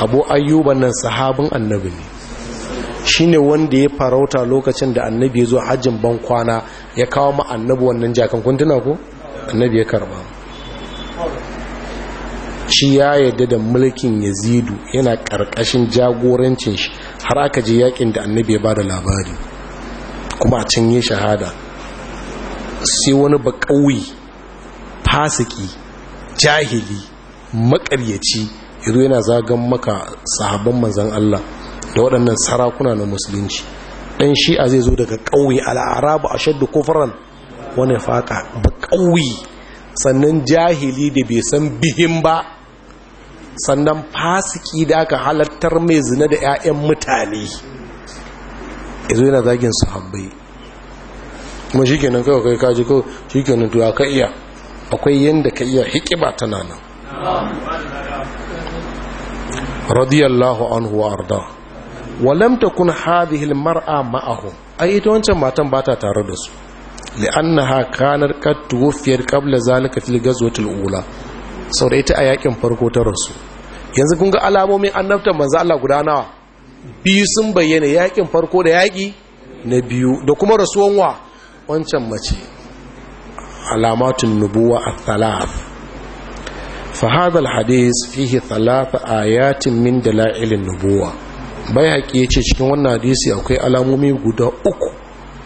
abu ayyuba nan sahabin annabi ne shine wanda ya farauta lokacin da annabi ya zo hajjin ban kwana ya kawo ma annabi wannan jakan kun tuna ko annabi ya karba shi ya yarda da mulkin yazidu yana karkashin jagorancin shi har aka je yakin da annabi ya ba da labari kuma a can yi shahada sai wani ba ƙauye fasiki jahili makaryaci yazo yana zagan maka sahabban manzon Allah da waɗannan sarakuna na musulunci ɗan shi'a zai zo daga ƙauye al'arabu ashaddu kufran wani faƙa ba ƙauye sannan jahili da bai san bihin ba sannan fasiki da aka halattar mai zina da 'ya'yan mutane izo yana zagin sahabbai kuma shi kenan kawai kai kaji ko shi kenan tuwa ka iya akwai yadda ka iya hikima tana nan radiyallahu anhu wa arda walam takun hadhihi almar'a ma'ahu ai ita wancan matan bata ta tare da su li'annaha kanar qad tuwfiyat qabla zalika fil ghazwati al-ula saboda ita a yakin farko ta rasu yanzu kun ga alamomin annabta manzo Allah guda nawa biyu sun bayyana yakin farko da yaki na biyu da kuma rasuwan wa wancan mace alamatun nubuwa a thalath فهذا الحديث فيه ثلاث آيات من دلائل النبوة bai haƙi ya ce cikin wannan hadisi akwai alamomi guda uku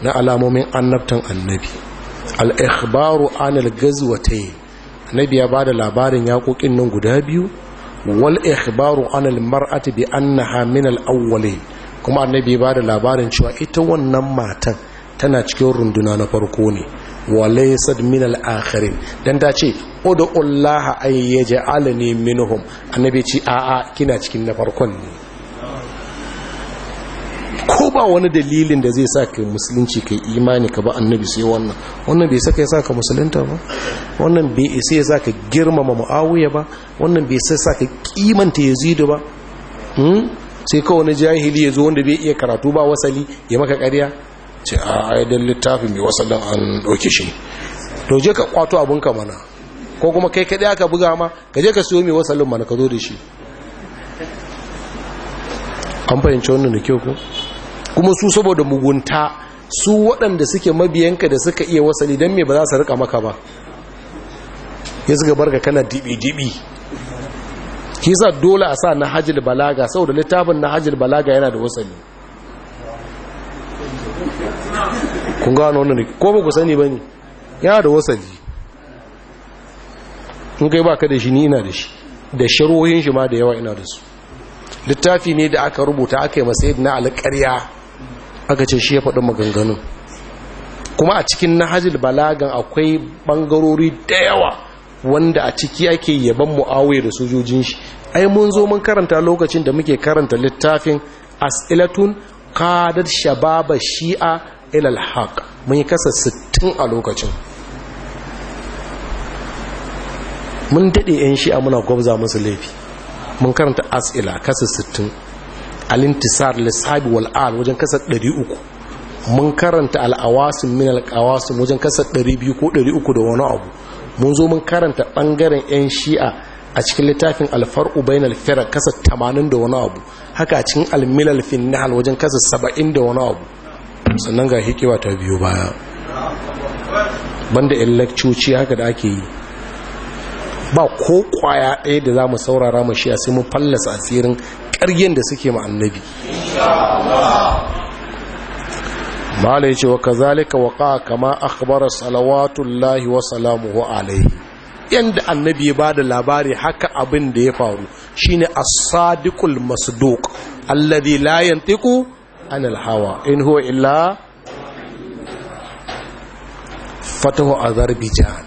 na alamomin annabtan annabi al'ikhbaru anil gazwatai annabi ya ba labarin yaƙoƙin nan guda biyu wal ikhbaru anil mar'ati bi annaha min kuma annabi ya bada labarin cewa ita wannan matan tana cikin runduna na farko ne wa laysat min al-akhirin dan ta ce ud'ullaha ay yaj'alni minhum annabi ce a'a kina cikin na farkon ne ko ba wani dalilin da zai sa ka musulunci kai imani ka ba annabi sai wannan wannan bai saka ya sa ka musulunta ba wannan bai sai ya sa ka girmama muawiya ba wannan bai sai sa ka kimanta yazidu ba hmm? sai kawai wani jahili ya zo wanda bai iya karatu ba wasali ya maka ƙarya ce a ah, aidan littafin mai wasa don an ɗauki shi to je ka kwato abinka mana ko kuma kai kaɗai aka buga ma ka je ka siyo mai wasu mana ka zo da shi an fahimci wannan da kyau ku. kuma su saboda mugunta su waɗanda suke mabiyanka da suka iya wasali don mai ba za su rika maka ba ya suka barka kana dibi-dibi kisa dole a sa na hajjil balaga saboda littafin na hajjil balaga yana da wasali kun gano wannan ko ba ku sani ba ne yana da wasali in kai ba ka da shi ni ina da shi da sharohin shi ma da yawa ina da su littafi ne da aka rubuta aka yi masayid na alƙarya aka ce shi ya faɗi maganganu. kuma a cikin nahajil balagan akwai ɓangarori da yawa wanda a ciki ake yaban mu'awiyar da sojojin shi ai mun zo mun karanta lokacin da muke karanta littafin as'ilatun qadar shababa shi'a ilal haq mun yi kasa 60 a lokacin mun daɗe 'yan shi'a muna gwabza musu laifi mun karanta as'ila kasa 60 alintisar lissabi wal'al wajen kasa 300 mun karanta al'awasin min al'awasin wajen kasa 200 ko 300 da wani abu mun zo mun karanta ɓangaren 'yan shi'a a cikin littafin alfar'u bayan alfira kasa 80 da wani abu haka cikin almilalfin finnal wajen kasa 70 da wani abu sannan ga hikima ta biyu baya banda yan lakcoci haka da ake yi ba ko kwaya ɗaya da za mu saurara mu a sai mu fallasa asirin ƙaryen da suke ma annabi mala ce wa kazalika waqa kama akhbara salawatullahi wa salamuhu alai. Yadda annabi ya da labari haka abin da ya faru shine as-sadiqul masduq alladhi la yantiqu anil hawa in huwa illa fatahu azerbaijan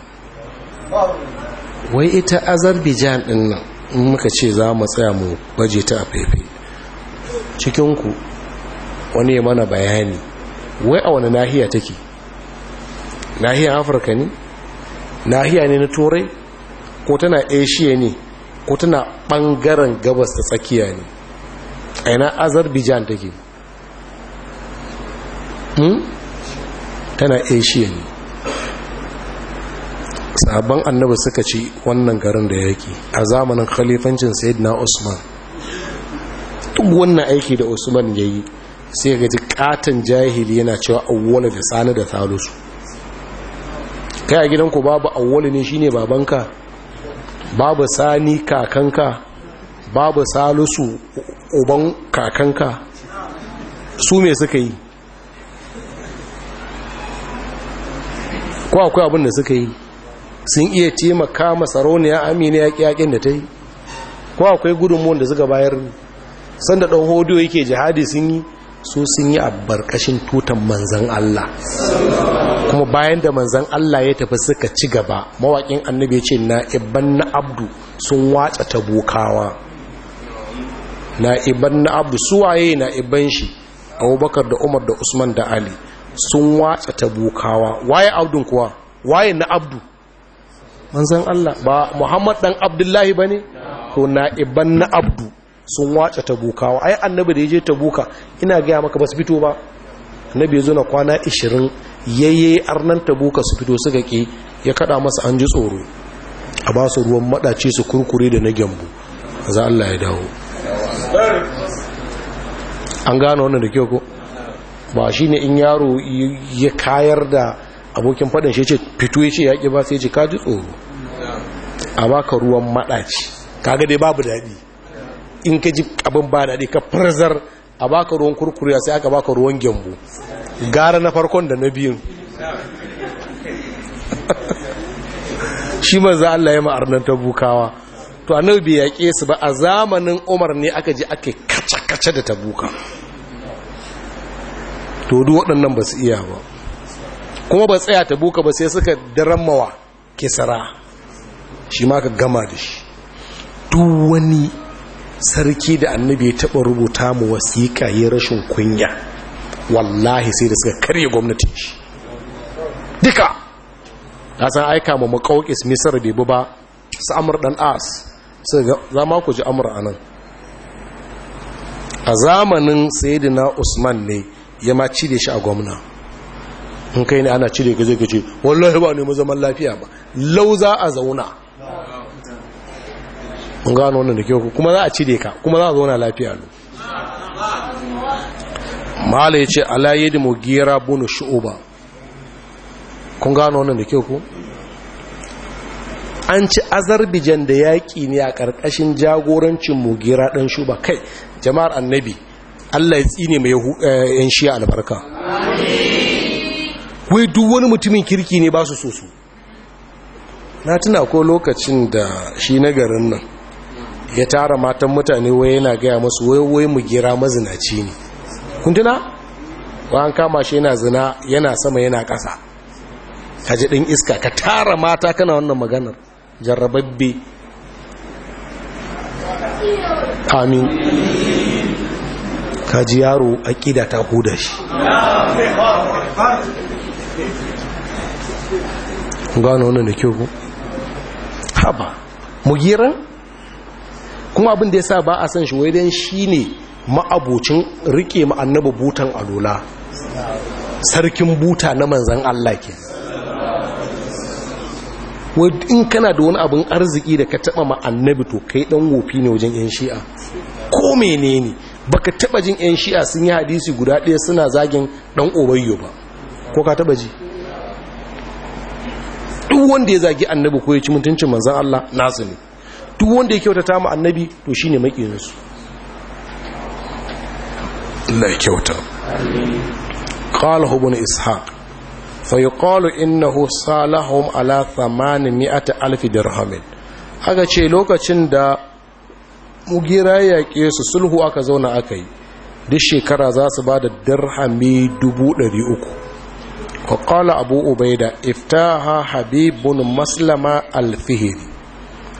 wai ita Azarbijan din nan in muka ce za mu tsaya mu baje ta a fefe cikinku wani ya mana bayani wai a wani nahiya take nahiyar afirka ne nahiya ne na turai ko tana asia ne ko tana bangaren gabas da tsakiya ne a yana azerbaijan take tana hmm? asia ne sabon annaba suka ci wannan garin da yake a zamanin khalifancin sayyidina usman duk wannan aiki da usman ya yi sai gaji katon jahili yana cewa awwala da tsani da thalusu kai a gidanku babu awwali ne shine babanka babu sani kakanka babu thalusu uban kakanka su me suka yi ko akwai abin da suka yi sun iya taimaka masarauniya amina ƙi yaƙin da ta yi ko akwai gudunmuwan da suka bayar sanda ɗan hodo yake jihadi sun yi so sun yi a barkashin tutan manzan Allah kuma bayan da manzan Allah ya tafi suka ci gaba mawaƙin annabi ce na ibban na abdu sun watsa tabokawa na ibban na abdu suwaye na ibban shi abubakar da umar da usman da ali sun watsa bukawa waye abdun kuwa waye na abdu manzan Allah ba Muhammad dan Abdullahi bane ko na iban na abdu sun watsa tabukawa ai annabi da yaje tabuka ina ga maka bas fito ba annabi yazo na kwana 20 yayye arnan ta buka su fito suka ki ya kada masa an ji tsoro a ba su ruwan madace su kurkure da na gyambu za Allah ya dawo an gano wannan da kyau ko ba shi ne in yaro ya kayar da abokin faɗin shi ce fito ya ce yaƙi ba sai ce ka tsoro a baka ruwan maɗaci kaga dai babu daɗi in ka ji abin ba daɗi ka farzar a baka ruwan kurkuriya sai aka baka ruwan gyambo gara na farkon da na biyun shi manzo Allah ya ma'arnan ta bukawa to annabi bai yaƙe su ba a zamanin Umar ne aka je ake kace-kace da ta buka. to duk waɗannan ba su iya ba kuma ba tsaya ta buka ba sai suka darammawa kisara shi ma ka gama da shi duk wani sarki da annabi ya taɓa rubuta mu wasiƙa yi rashin kunya wallahi sai da suka karye gwamnatin shi duka ta san aika ma makaukis misar bai ba su amur ɗan as su za ma ku ji amur a nan a zamanin sayidina usman ne ya ma cire shi a gwamna in kai ne ana cire ka zai wallahi ba ne zaman lafiya ba lau za a zauna mun gano wannan da kyau kuma za a cire ka kuma za a zauna lafiya lo mahala ya ce alaye da mugera bunu shu'uba kun gano wannan da kyau ku an ci azarbijan da yaƙi ne a ƙarƙashin jagorancin mugira ɗan shuba kai jama'ar annabi Allah ya tsine mai eh, yan shiya albarka wai duk wani mutumin kirki ne ba su so su na tuna ko lokacin da shi na garin nan ya tara matan mutane wai yana gaya masu wai wai mu gira mazinaci ne kuntuna wa an kama shi yana zina yana sama yana ƙasa ka ji ɗin iska ka tara mata kana wannan maganar jarrababbe amin ka ji yaro a ƙida ta huda shi gano wani da kyau haba mugiran kuma abin da ya sa ba a san shi wai shi ne ma'abocin rike ma'annaba butan alola sarkin buta na manzan Allah ke in kana da wani abin arziki da ka taɓa ma'annabi to kai ɗan wofi ne wajen 'yan shi'a ko menene ne baka taba jin yan shi'a sun yi hadisi guda ɗaya suna zagin dan obayyo ba ko ka taba ji duk wanda ya zagi annabi ko ya ci mutuncin manzon Allah nasu ne duk wanda ya kyautata mu annabi to shine makiyinsu Allah ya kyauta qala ibn ishaq fayuqalu innahu salahum ala Alfi da dirham aka ce lokacin da mugira ya yaƙe su sulhu aka zauna aka yi duk shekara za su ba da dirhami 300 kwakwala abu ubaida iftaha habibun maslama alfihiri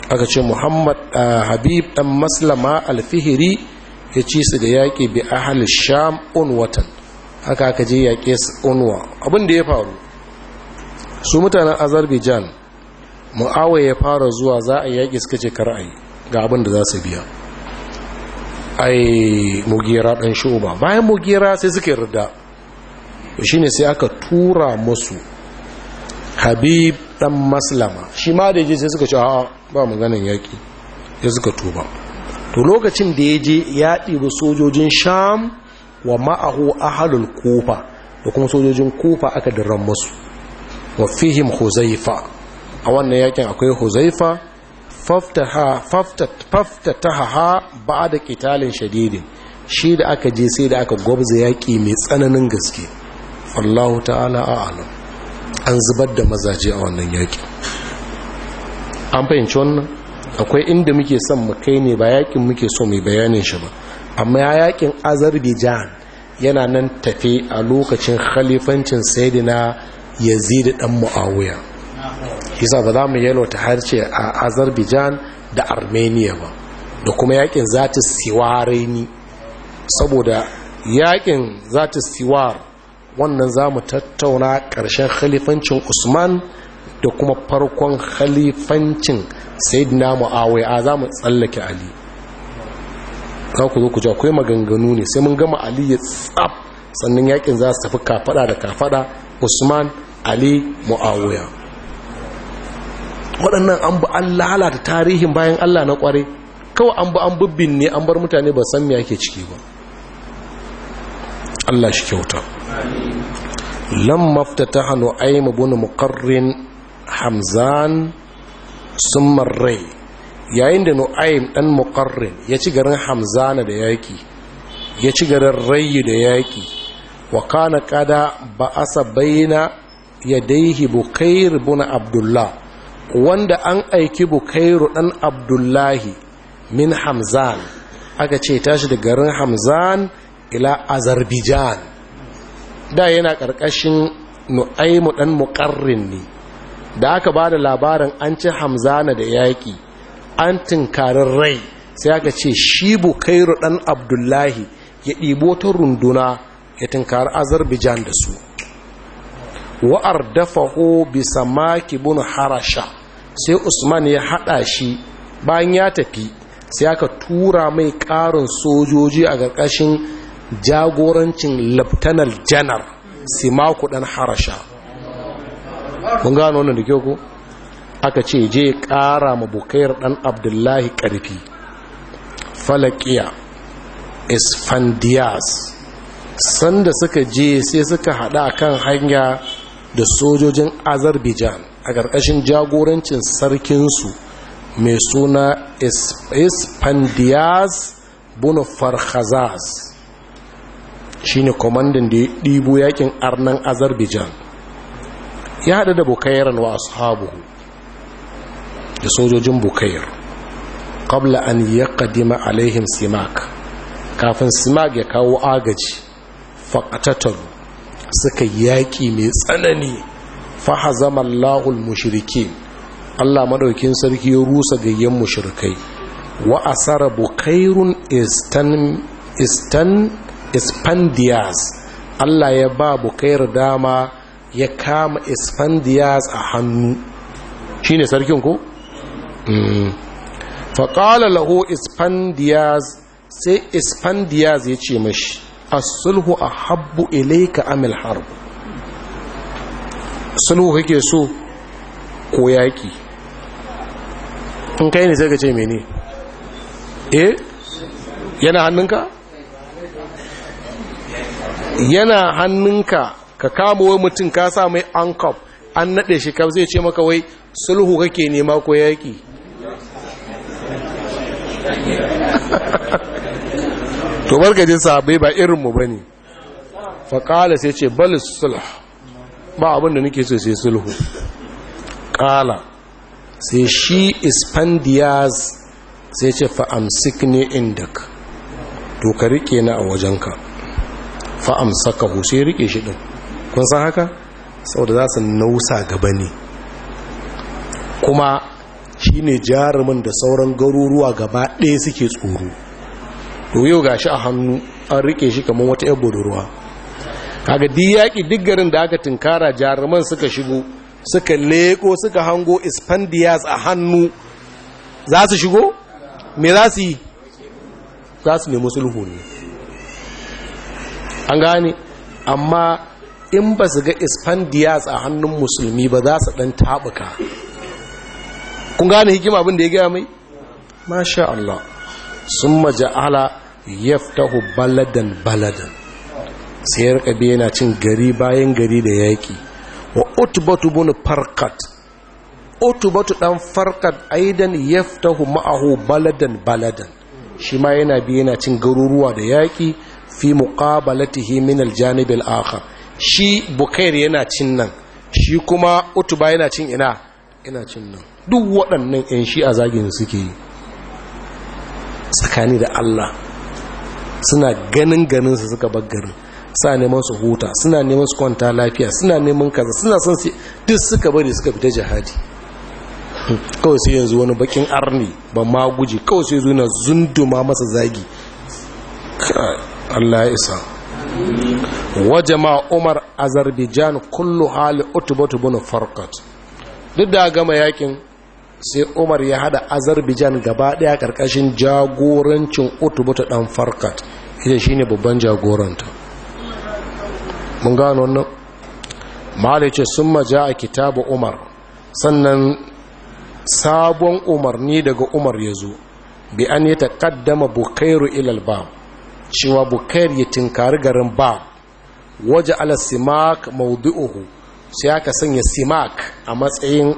aka ce muhammad habib dan maslama alfihiri ya ci su da yaƙi bi ahal sham unwatan haka aka je yaƙe su unwa abin da ya faru su mutanen azerbaijan mu'awa ya fara zuwa za a yaƙi suka ce kar'ayi ga abin da za su biya ai mugira ɗan shuba bayan mugira sai suke rida shi ne sai aka tura musu habib dan maslama shi ma da ya sai suka ce a ba maganin yaƙi ya suka tuba to lokacin da ya je ya ɗibi sojojin sham wa ma'ahu ahalul kofa da kuma sojojin kofa aka dirran musu wa fihim huzaifa a wannan yakin akwai huzaifa faftataha ba da kitalin shadidin shi da aka je sai da aka gwabza yaƙi mai tsananin gaske wallahu ta'ala alam an zubar da mazaje a wannan yaƙi an fahimci wannan akwai inda muke son mu kai ne ba yaƙin muke so mai bayanin shi ba amma yaƙin azerbaijan yana nan tafe a lokacin khalifancin saidina yazid dan muawiya isa ba za mu har harce a azerbaijan da armenia ba da kuma yakin zata raini saboda yakin zata siwar wannan za mu tattauna ƙarshen khalifancin usman da kuma farkon khalifancin sayyidina Muawiya za mu tsallake ali za ku zo ku ji akwai maganganu ne sai mun gama ali ya tsaf sannan yakin za su tafi kafada da kafada usman ali mu'awiya waɗannan an bu an lalata tarihin bayan Allah na ƙware kawai an bu an bubbin ne an bar mutane ba san me ake ciki ba Allah shi kyauta lamma ftataha nu'aym ibn muqarrin hamzan summa rai yayin da nu'aim ɗan muqarrin ya ci garin hamzana da yaƙi, ya ci garin rai da yaki wa kana qada ba'asa baina yadayhi bukair ibn abdullah wanda an aiki bukairu ɗan abdullahi min hamzan aka ce tashi da garin hamzan ila azerbaijan da yana ƙarƙashin nu'aimu dan muƙarrin ne da aka ba da labarin an ci hamzana da yaƙi an tinkarin rai sai aka ce shi bukairu ɗan abdullahi ya ɗibo ta runduna ya tinkari Azarbijan da su wa'ar dafaho bisa maki bun harasha sai usman ya hada shi bayan ya tafi sai aka tura mai karin sojoji a ƙarƙashin jagorancin laftanar janar simaku dan harasha kun gano wannan da kyau ko aka ce je ƙara ma bukayar dan abdullahi ƙarfi falakiya isfandiyas sanda suka je sai suka hada kan hanya da sojojin azerbaijan a ƙarƙashin jagorancin sarkinsu mai suna ispandiyas bunu farhazas shi ne kwamandan da ya ɗibo yakin arnan azerbaijan ya haɗu da bukayar wa ashabu da sojojin bukayar, ƙabla an ya ƙadima alaihim simak kafin simak ya kawo agaji faƙatattaru suka yaƙi mai tsanani fahazama Allahul mushriki Allah madaukin sarki ya rusa gayyen mushrikai wa asara bukairun istan ispandiyas Allah ya ba bukair dama ya kama ispandiyas a hannu ne sarkin ku? Mm. faƙala laho ispandiyas sai ispandiyas ya ce mashi asulhu a habbu ilaika amil harbu sulhu kake so ko yaƙi in kai ne sai ka ce mene eh yana hannunka yana hannunka ka kama wai mutum ka sa mai ankop an naɗe shi kam zai ce maka wai sulhu kake nema ko yaƙi to bargajin sabai ba irinmu ba ne faƙala sai ce balis sulhu ba abin da nake so sai sulhu Kala. sai shi ispandiyas sai ce fa'amsik ne indak to ka rike na a wajenka fa'amsaka hu sai rike shi ɗin kun san haka sau da za su nausa gaba ne kuma shi ne jarumin da sauran garuruwa gaba ɗaya suke tsoro to yau shi a hannu an rike shi kamar wata da budurwa kaga di yaƙi duk garin da aka tunkara jaruman suka shigo suka leko suka hango ispandiyas a hannu za su shigo me za su yi za su nemi sulhu ne an gane amma in ba su ga ispandiyas a hannun musulmi ba za su ɗan taɓuka kun gane hikima abin da ya gaya mai masha Allah sun maja'ala yaftahu baladan baladan sai ya yana cin gari bayan gari da yaƙi wa utubatu bunu farkat utubatu dan farkat aidan yaftahu ma'ahu baladan baladan shi ma yana bi yana cin garuruwa da yaƙi fi muqabalatihi min aljanib al-akhar shi bukair yana cin nan shi kuma utuba yana cin ina ina cin nan duk waɗannan yan shi a zagin suke yi tsakani da Allah suna ganin ganin su suka bar garin sa neman su huta suna neman su kwanta lafiya suna neman kaza suna son su duk suka bari suka fita jihadi kawai sai yanzu wani bakin arni ba ma guji kawai sai zuna zunduma masa zagi Allah ya isa jama'a umar azerbaijan kullu hali utubatu bin farqat duk da gama yakin sai umar ya hada azerbaijan gaba daya karkashin jagorancin utubatu dan farkat ita shine babban jagoranta mun gano wannan malice sun maja a kitabu umar sannan sabon umarni daga umar ya zo bi an yi taƙaddama bukairu ilal ba cewa bukair ya tinkari garin ba waje ala simak maudu'uhu sai aka sanya simak a matsayin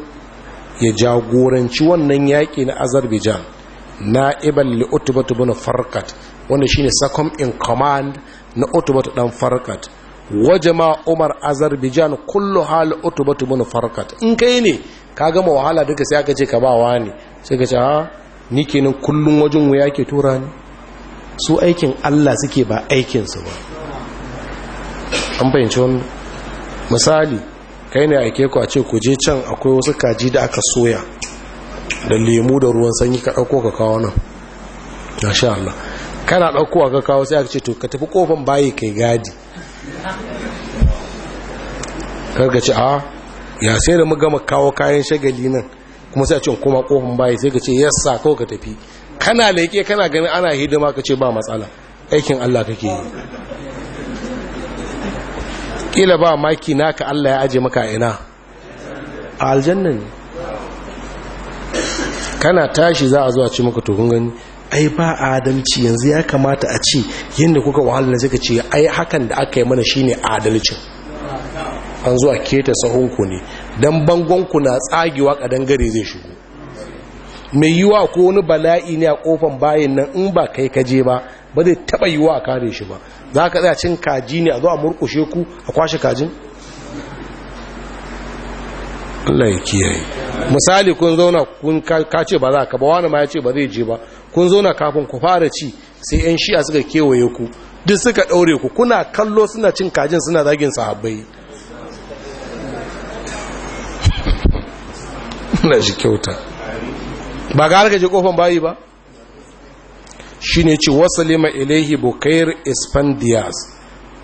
ya jagoranci wannan yaƙi na azerbaijan na ibal li utubatu bin farkat wanda shine second in command na utubatu dan farkat wajama umar azerbaijan kullu hal utubatu min farkat in kai ne ka gama wahala duka sai aka ce ka ba ne sai ka ce ah, ni kenan kullun wajen wuya ke tura ni su aikin Allah suke ba aikinsu ba an bayyance wannan misali kai ne aike ku a ce ku je can akwai wasu kaji da aka soya da lemu da ruwan sanyi ka dauko ka kawo nan masha Allah kana dauko ka kawo sai aka ce to ka tafi kofan bayi kai gadi karka ce a ya sai da gama kawo kayan shagali nan kuma sai a cin kuma kofin bayi sai ka ce yassa ko ka tafi kana leƙe kana ganin ana hidima ka ce ba matsala aikin Allah kake yi kila ba maki naka Allah ya aje maka ina a aljanna ne kana tashi za a zuwa ci maka tukun gani ai ba adalci yanzu ya kamata a ce yadda kuka wahala na zika ce ai hakan da aka yi mana shine adalcin an zuwa keta sahunku ne don bangonku na tsagewa kadan gare zai shigo mai yiwa ko wani bala'i ne a kofan bayan nan in ba kai kaje ba ba zai taba yiwa a kare shi ba za ka tsaya cin kaji ne a zo a murkushe ku a kwashe kajin Allah ya kiyaye misali kun zauna kun kace ba za ka ba wani ma ya ce ba zai je ba kun zo na kafin ku fara ci sai yan shi'a suka kewaye ku duk suka ɗaure ku kuna kallo suna cin kajin suna zagin sahabbai na shi kyauta ba ga harka je bayi ba shi ne ci wasalima ilaihi bukair ispandiyas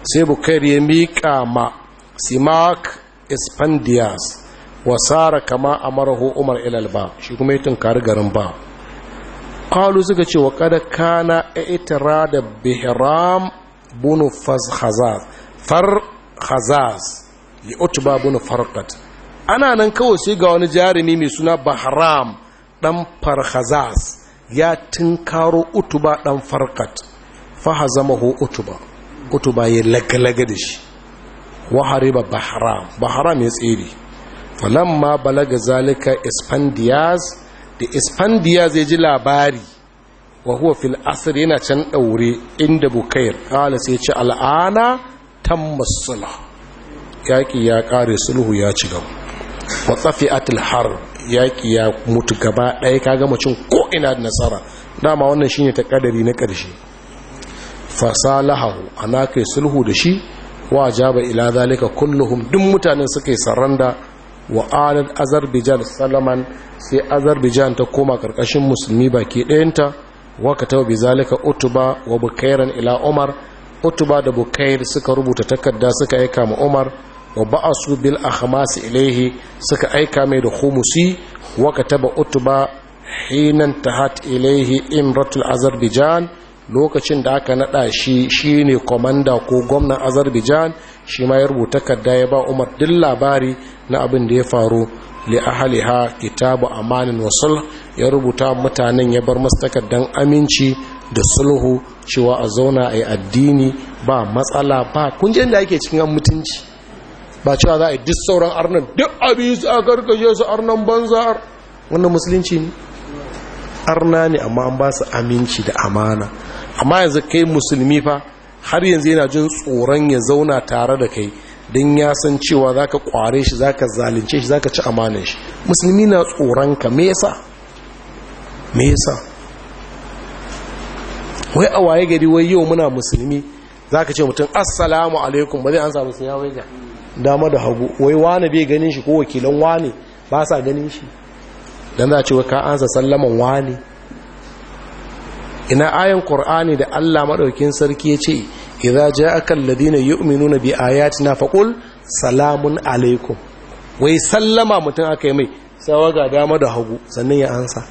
sai bukair ya miƙa ma simak ispandiyas wasara kama a marahu umar ilalba shi kuma yi tunkari garin ba qalu suka ce wa qad kana i'tirada bihram bunu fazhazaz far khazaz li utba bunu farqat ana nan kawai sai ga wani jarumi mai suna bahram dan farhazaz ya tunkaro utuba dan farqat fahazamahu utuba utuba ya lagalaga da shi wa hariba bahram bahram ya tsere falamma balaga zalika ispandiyas da isfandiya zai ji labari wa huwa fil asir yana can daure inda bukair kala sai ce al'ana tammas sulh yaki ya kare sulhu ya ci gaba wa tsafi'atul har yaki ya mutu gaba ɗaya kaga mucin ko ina da nasara dama wannan shine ta kadari na ƙarshe fasalahu ana kai sulhu da shi wa jaba ila zalika kulluhum duk mutanen suka yi saranda wa alad azerbaijan salaman sai azerbaijan ta koma karkashin musulmi baki ɗayanta waka ta bi zalika utuba wa bukairan ila umar utuba da bukair suka rubuta takarda suka aika ma umar wa ba'asu bil ahmas ilaihi suka aika mai da humusi wa ba utuba hinan tahat ilaihi imratul azerbaijan lokacin da aka nada shi shine komanda ko gwamnan azerbaijan shi ma ya rubuta kadda ya ba umar duk labari na abin da ya faru li ha kitabu amanin wasul ya rubuta mutanen ya bar masu takardan aminci da sulhu cewa a zauna a yi addini ba matsala ba kunjen da ake cikin mutunci ba cewa za a yi duk sauran arnan duk abin su a karkashe su arnan banza wannan musulunci ne arna ne amma an ba su aminci da amana amma yanzu kai musulmi fa har yanzu yana jin tsoron ya zauna tare da kai don ya san cewa za ka kware shi za ka zalince shi za ka ci amanin shi musulmi na tsoron ka me yasa me yasa wai a waye gari wai yau muna musulmi za ka ce mutum assalamu alaikum ba zai an samu siya wai ga dama da hagu wai wane bai ganin shi ko wakilan wane ba sa ganin shi dan za a ce wai ka ansa sallaman wane ina ayan qur'ani da Allah madaukin sarki ya ce idza ja'aka alladhina yu'minuna bi ayatina faqul salamun alaikum wai sallama mutum aka mai sawa ga dama da hagu sannan ya ansa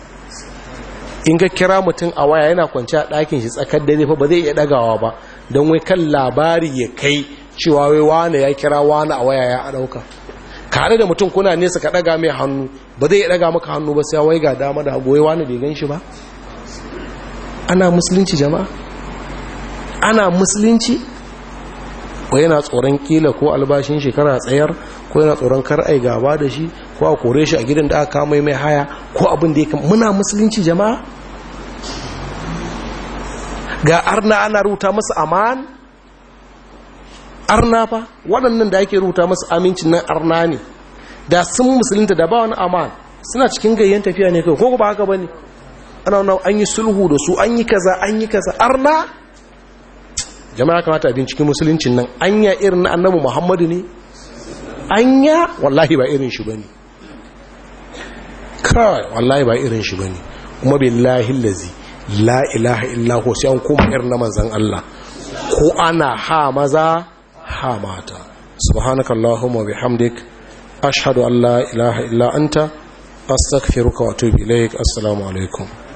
in ka kira mutum a waya yana kwance a ɗakin shi tsakar dare fa ba zai iya ɗagawa ba don wai kan labari ya kai cewa wai wani ya kira wani a waya ya ɗauka ka da mutum kuna nesa ka ɗaga mai hannu ba zai iya ɗaga maka hannu ba sai wai ga dama da hagu wai wani bai gan shi ba ana musulunci jama'a ana musulunci ko yana tsoron kila ko albashin shekara tsayar ko yana tsoron kar gaba da shi ko a kore shi a gidan da aka kama mai haya ko abin da ya kama muna musulunci jama'a ga arna ana ruta masu aman arna fa waɗannan da ake ruta masu amincin nan arna ne da sun musulunta da ba wani aman suna cikin gayyan tafiya ne kai ko ba haka ba ne? ana an yi sulhu da su an yi kaza an yi kaza arna jama'a kamata abin cikin musuluncin nan anya irin na annabi muhammadu ne anya wallahi ba irin shi bane kawai wallahi ba irin shi bane kuma billahi lazi la ilaha illa illahu sai an koma irin na manzan Allah ko ana ha maza ha mata subhanakallahumma bihamdik ashhadu an la ilaha illa anta astaghfiruka wa atubu ilaik assalamu alaikum